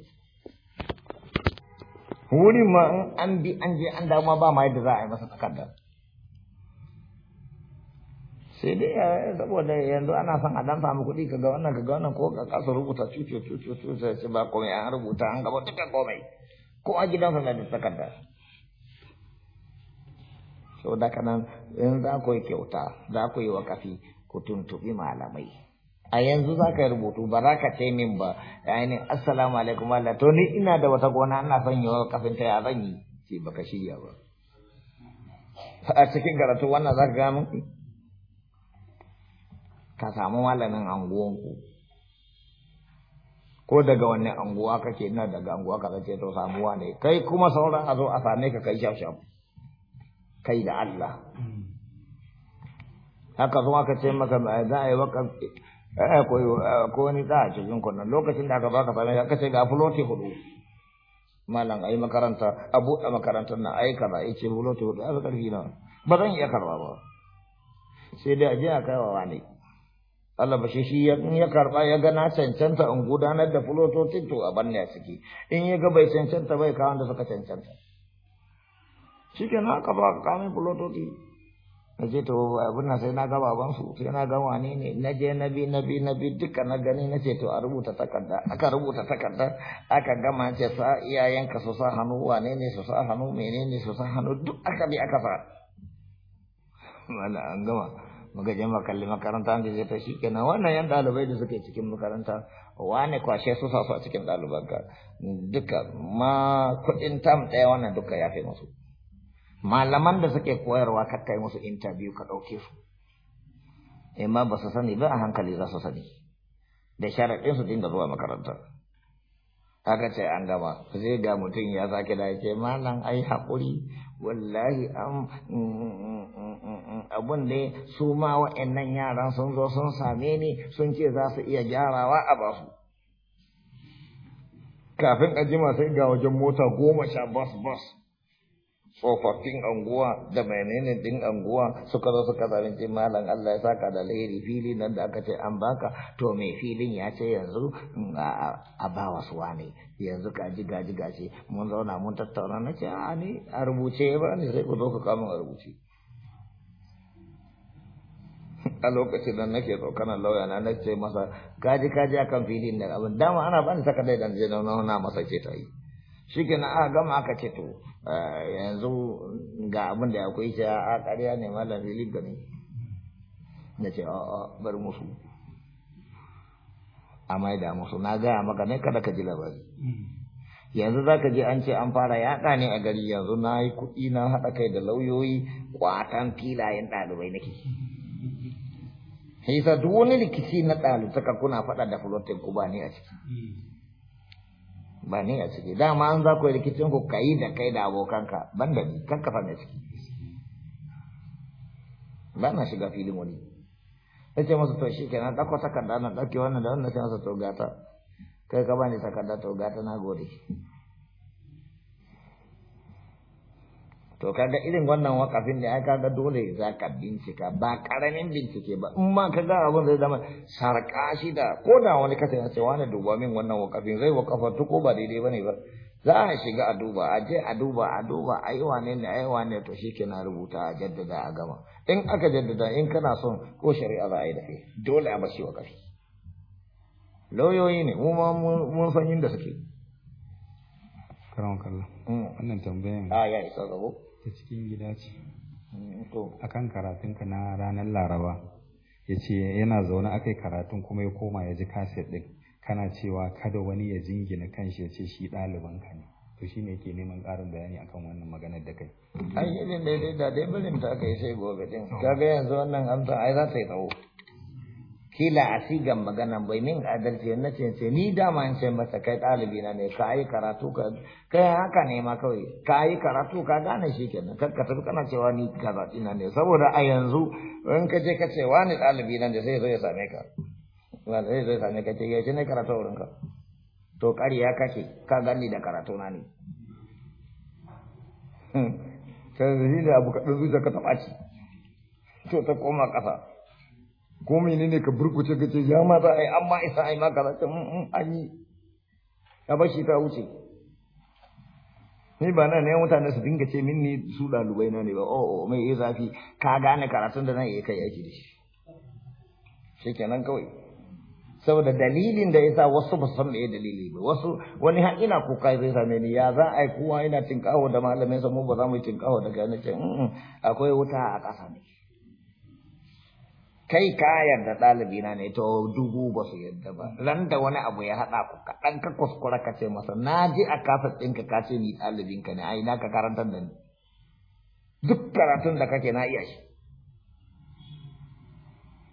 wurin ma in an bi an je an dama ma ba ma yadda za a yi masa takardar sai dai eh, saboda yanzu ana son a dan samu kuɗi ga wannan ga wannan ko ka kasa rubuta cuce cuce cuce sai ba komai an rubuta an gaba duka komai ko a gidan na da takarda saboda kanan in za ku yi kyauta za ku yi kafi ku tuntuɓi malamai a yanzu za ka rubutu ba za ka ce min ba ainihin assalamu alaikum Allah to ni ina da wata gona ana son yi wa kafin ta ya zan yi ce baka shirya ba a cikin karatu wannan za ka gano ka samu malamin anguwanku ko daga wani anguwa kake ina daga anguwa ka zace to samuwa ne kai kuma sauran a zo a same ka kai shafshaf kai da Allah hmm. haka zuwa ka ce maka za a yi waƙafi Eh, eh ko eh, ko ni a cikin kunnan lokacin da aka baka fara ka kace ga fuloti hudu malam ai makaranta abu a makarantar na ai ba yace fuloti hudu aka karfi na ba zan iya karba ba sai dai aje a kaiwa wani Allah ba shi shi ya karba ya ga na cancanta in gudanar da fulototin to a banne a ciki in ya ga bai cancanta bai kawo da suka cancanta shi ke na aka ba kamin fulototi na ce to abin nan sai na ga baban su sai na ga wane ne na je na bi na bi na bi duka na gani na ce to a rubuta takarda aka rubuta takarda aka gama ce sa ka su sa hannu wane ne su sa hannu menene su sa hannu duk aka bi aka fara wala an gama muka je makalli makaranta da zai ta shi kenan wannan yan dalibai da suke cikin makaranta wane kwashe su sa su a cikin ka duka ma kuɗin tam ɗaya wannan duka ya fi musu malaman da suke koyarwa kakkai musu interview ka ɗauke su imma ba su sani ba a hankali za su sani da sharaɗin su dinga zuwa makarantar Haka ce an gama zai ga mutum ya sake da yake, malam ai haƙuri wallahi am mm, mm, mm, abun da su ma wa'annan yaran sun zo sun same ni sun ce za su iya gyarawa a ba su kafin a jima sai ga wajen mota goma sha bas bas tsofaffin oh, anguwa da menene din anguwa suka zo suka zalunci malam Allah ya saka da lairi fili nan da aka ce an baka to mai filin ya ce yanzu mm, a ba wasu wane yanzu gaji gaji mun zauna mun tattauna na ce a ni a rubuce ba ne sai ku zo ku kamun a rubuce a lokacin nan nake tsokanar lauya na nace masa gaji gaji akan filin da abin dama ana bani saka dai dan je na masa ce ta yi shi kenan aka gama aka ce to Eh, yanzu ga abin da akwai shi a ƙarya ne malam filip gani na ce a bar musu a maida musu na gaya maka ne kada ka ji labari mm. yanzu za ka je an ce an fara yaɗa ne a gari yanzu na yi kuɗi na haɗa kai da lauyoyi kwatan filayen ɗalibai nake sai duk wani rikici na ɗalibai kuna faɗa da fulotin ku ne a ciki mm. ba ne a ciki dama an za ku rikicin ku kai da kai da abokanka ban da ni kan kafa mai ciki ba na shiga filin wani ya ce masa to shi kenan ɗauko takarda na dauke wannan da wannan sai masa to gata kai ka bani takarda to gata na gode to kaga irin wannan wakafin da ya kaga dole za ka bincika ba karamin bincike ba in ma kaga abin zai zama sarƙa shi da ko da wani kasa ya ce wani duba min wannan wakafin zai wakafa tuko ba daidai bane ba za a shiga a duba a je a duba a duba a yi wane ne a yi wane to shi ke na rubuta a jaddada a gama in aka jaddada in kana son ko shari'a za a yi da kai dole a bashi wakafi lauyoyi ne mu ma mun san inda suke karon kallon mm. wannan tambayan a ah, ya isa gabo ta cikin gida ce a kan karatunka na ranar laraba ya ce yana zaune aka yi karatun kuma ya koma ya ji kaset ɗin kana cewa kada wani ya jingina kanshi ya ce shi ɗaliban ka ne to shi ne ke neman ƙarin bayani akan wannan maganar da kai an yi din daidai da dai birin ta aka yi sai gobe din ga yanzu wannan amsa ai za ta yi tsawo kila a sigan magana bai min adalci na ce ce ni dama in ce masa kai ɗalibi na ne ka yi karatu ka kai haka ne ma kawai ka yi karatu ka gane shi kenan kar ka tafi kana cewa ni kaza ina ne saboda a yanzu in ka je ka ce wani ɗalibi na ne sai zo ya same ka sai zo ya same ka ce yaushe ne karatu wurin ka to ƙarya kake ka gani da karatu na ne ka hmm. zai da abu ka ɗan ka taɓa ci to ta koma ƙasa ko menene ka burkuce ka ce ya ma za a yi an ma isa a yi maka zata mm, mm, an yi ya bashi ta wuce ni ba na ne mutane su dinga ce min ni su ɗalibai na ne ba o oh, o oh, mai yi zafi ka gane karatun da na ya kai aiki da shi shikenan kawai saboda dalilin da yasa wasu ba san meye dalili ba wasu wani har ina kuka zai same ni ya za a yi kowa ina tinkawo da malamin sa mu ba za mu tinkawo daga na ce mm, akwai wuta a ƙasa ne kai ka yarda ɗalibi na ne to dubu ba su yarda ba ran da wani abu ya haɗa ku kaɗan ka kuskura ka ce masa na ji a kafin ɗinka ka ce ni ɗalibinka ne ai na ka karantar da ni duk karatun da kake na iya shi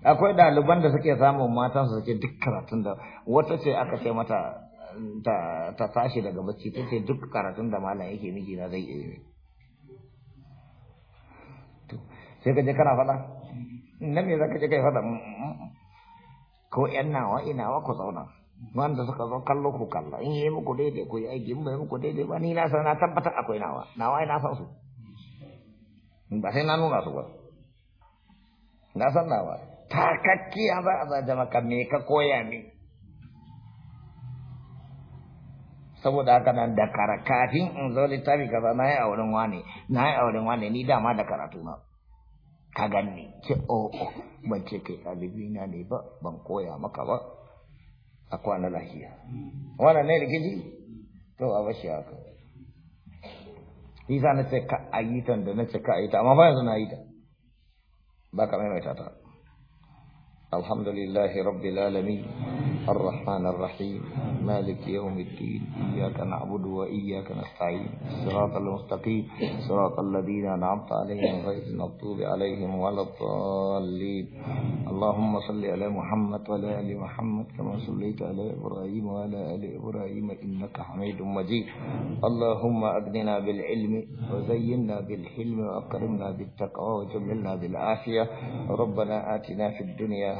akwai ɗaliban da suke samun matan su suke duk karatun da wata ce aka ce mata ta tashi daga bacci ta ce duk karatun da malam yake miji na zai iya yi sai ka je kana faɗa na me zaka je kai faɗa ko yan nawa ina wa ku zauna wanda suka zo kallo ku kalla in yi muku daidai ku yi aiki in bai muku daidai ba ni na san na tabbatar akwai nawa nawa ina san su ba sai na nuna su ba na san nawa takakkiya ba a zaje maka me ka koya ne saboda haka nan da kara kafin in zo littafi kaza na yi auren wane na yi auren wane ni dama da karatu na ka ganni ce o oh, o oh, ban ce kai ɗalibi na ne ba ban koya maka ba a kwana lafiya wannan ne rigidi to a bashi haka isa na ce ka ayi da na ce ka ayi amma ba yanzu na yi ta ba ka maimaita ta الحمد لله رب العالمين الرحمن الرحيم مالك يوم الدين إياك نعبد وإياك نستعين الصراط المستقيم صراط الذين أنعمت عليهم غير المغضوب عليهم ولا الضالين اللهم صل على محمد وعلى آل محمد كما صليت على إبراهيم وعلى آل إبراهيم إنك حميد مجيد اللهم أغننا بالعلم وزينا بالحلم وأكرمنا بالتقوى وجملنا بالعافية ربنا آتنا في الدنيا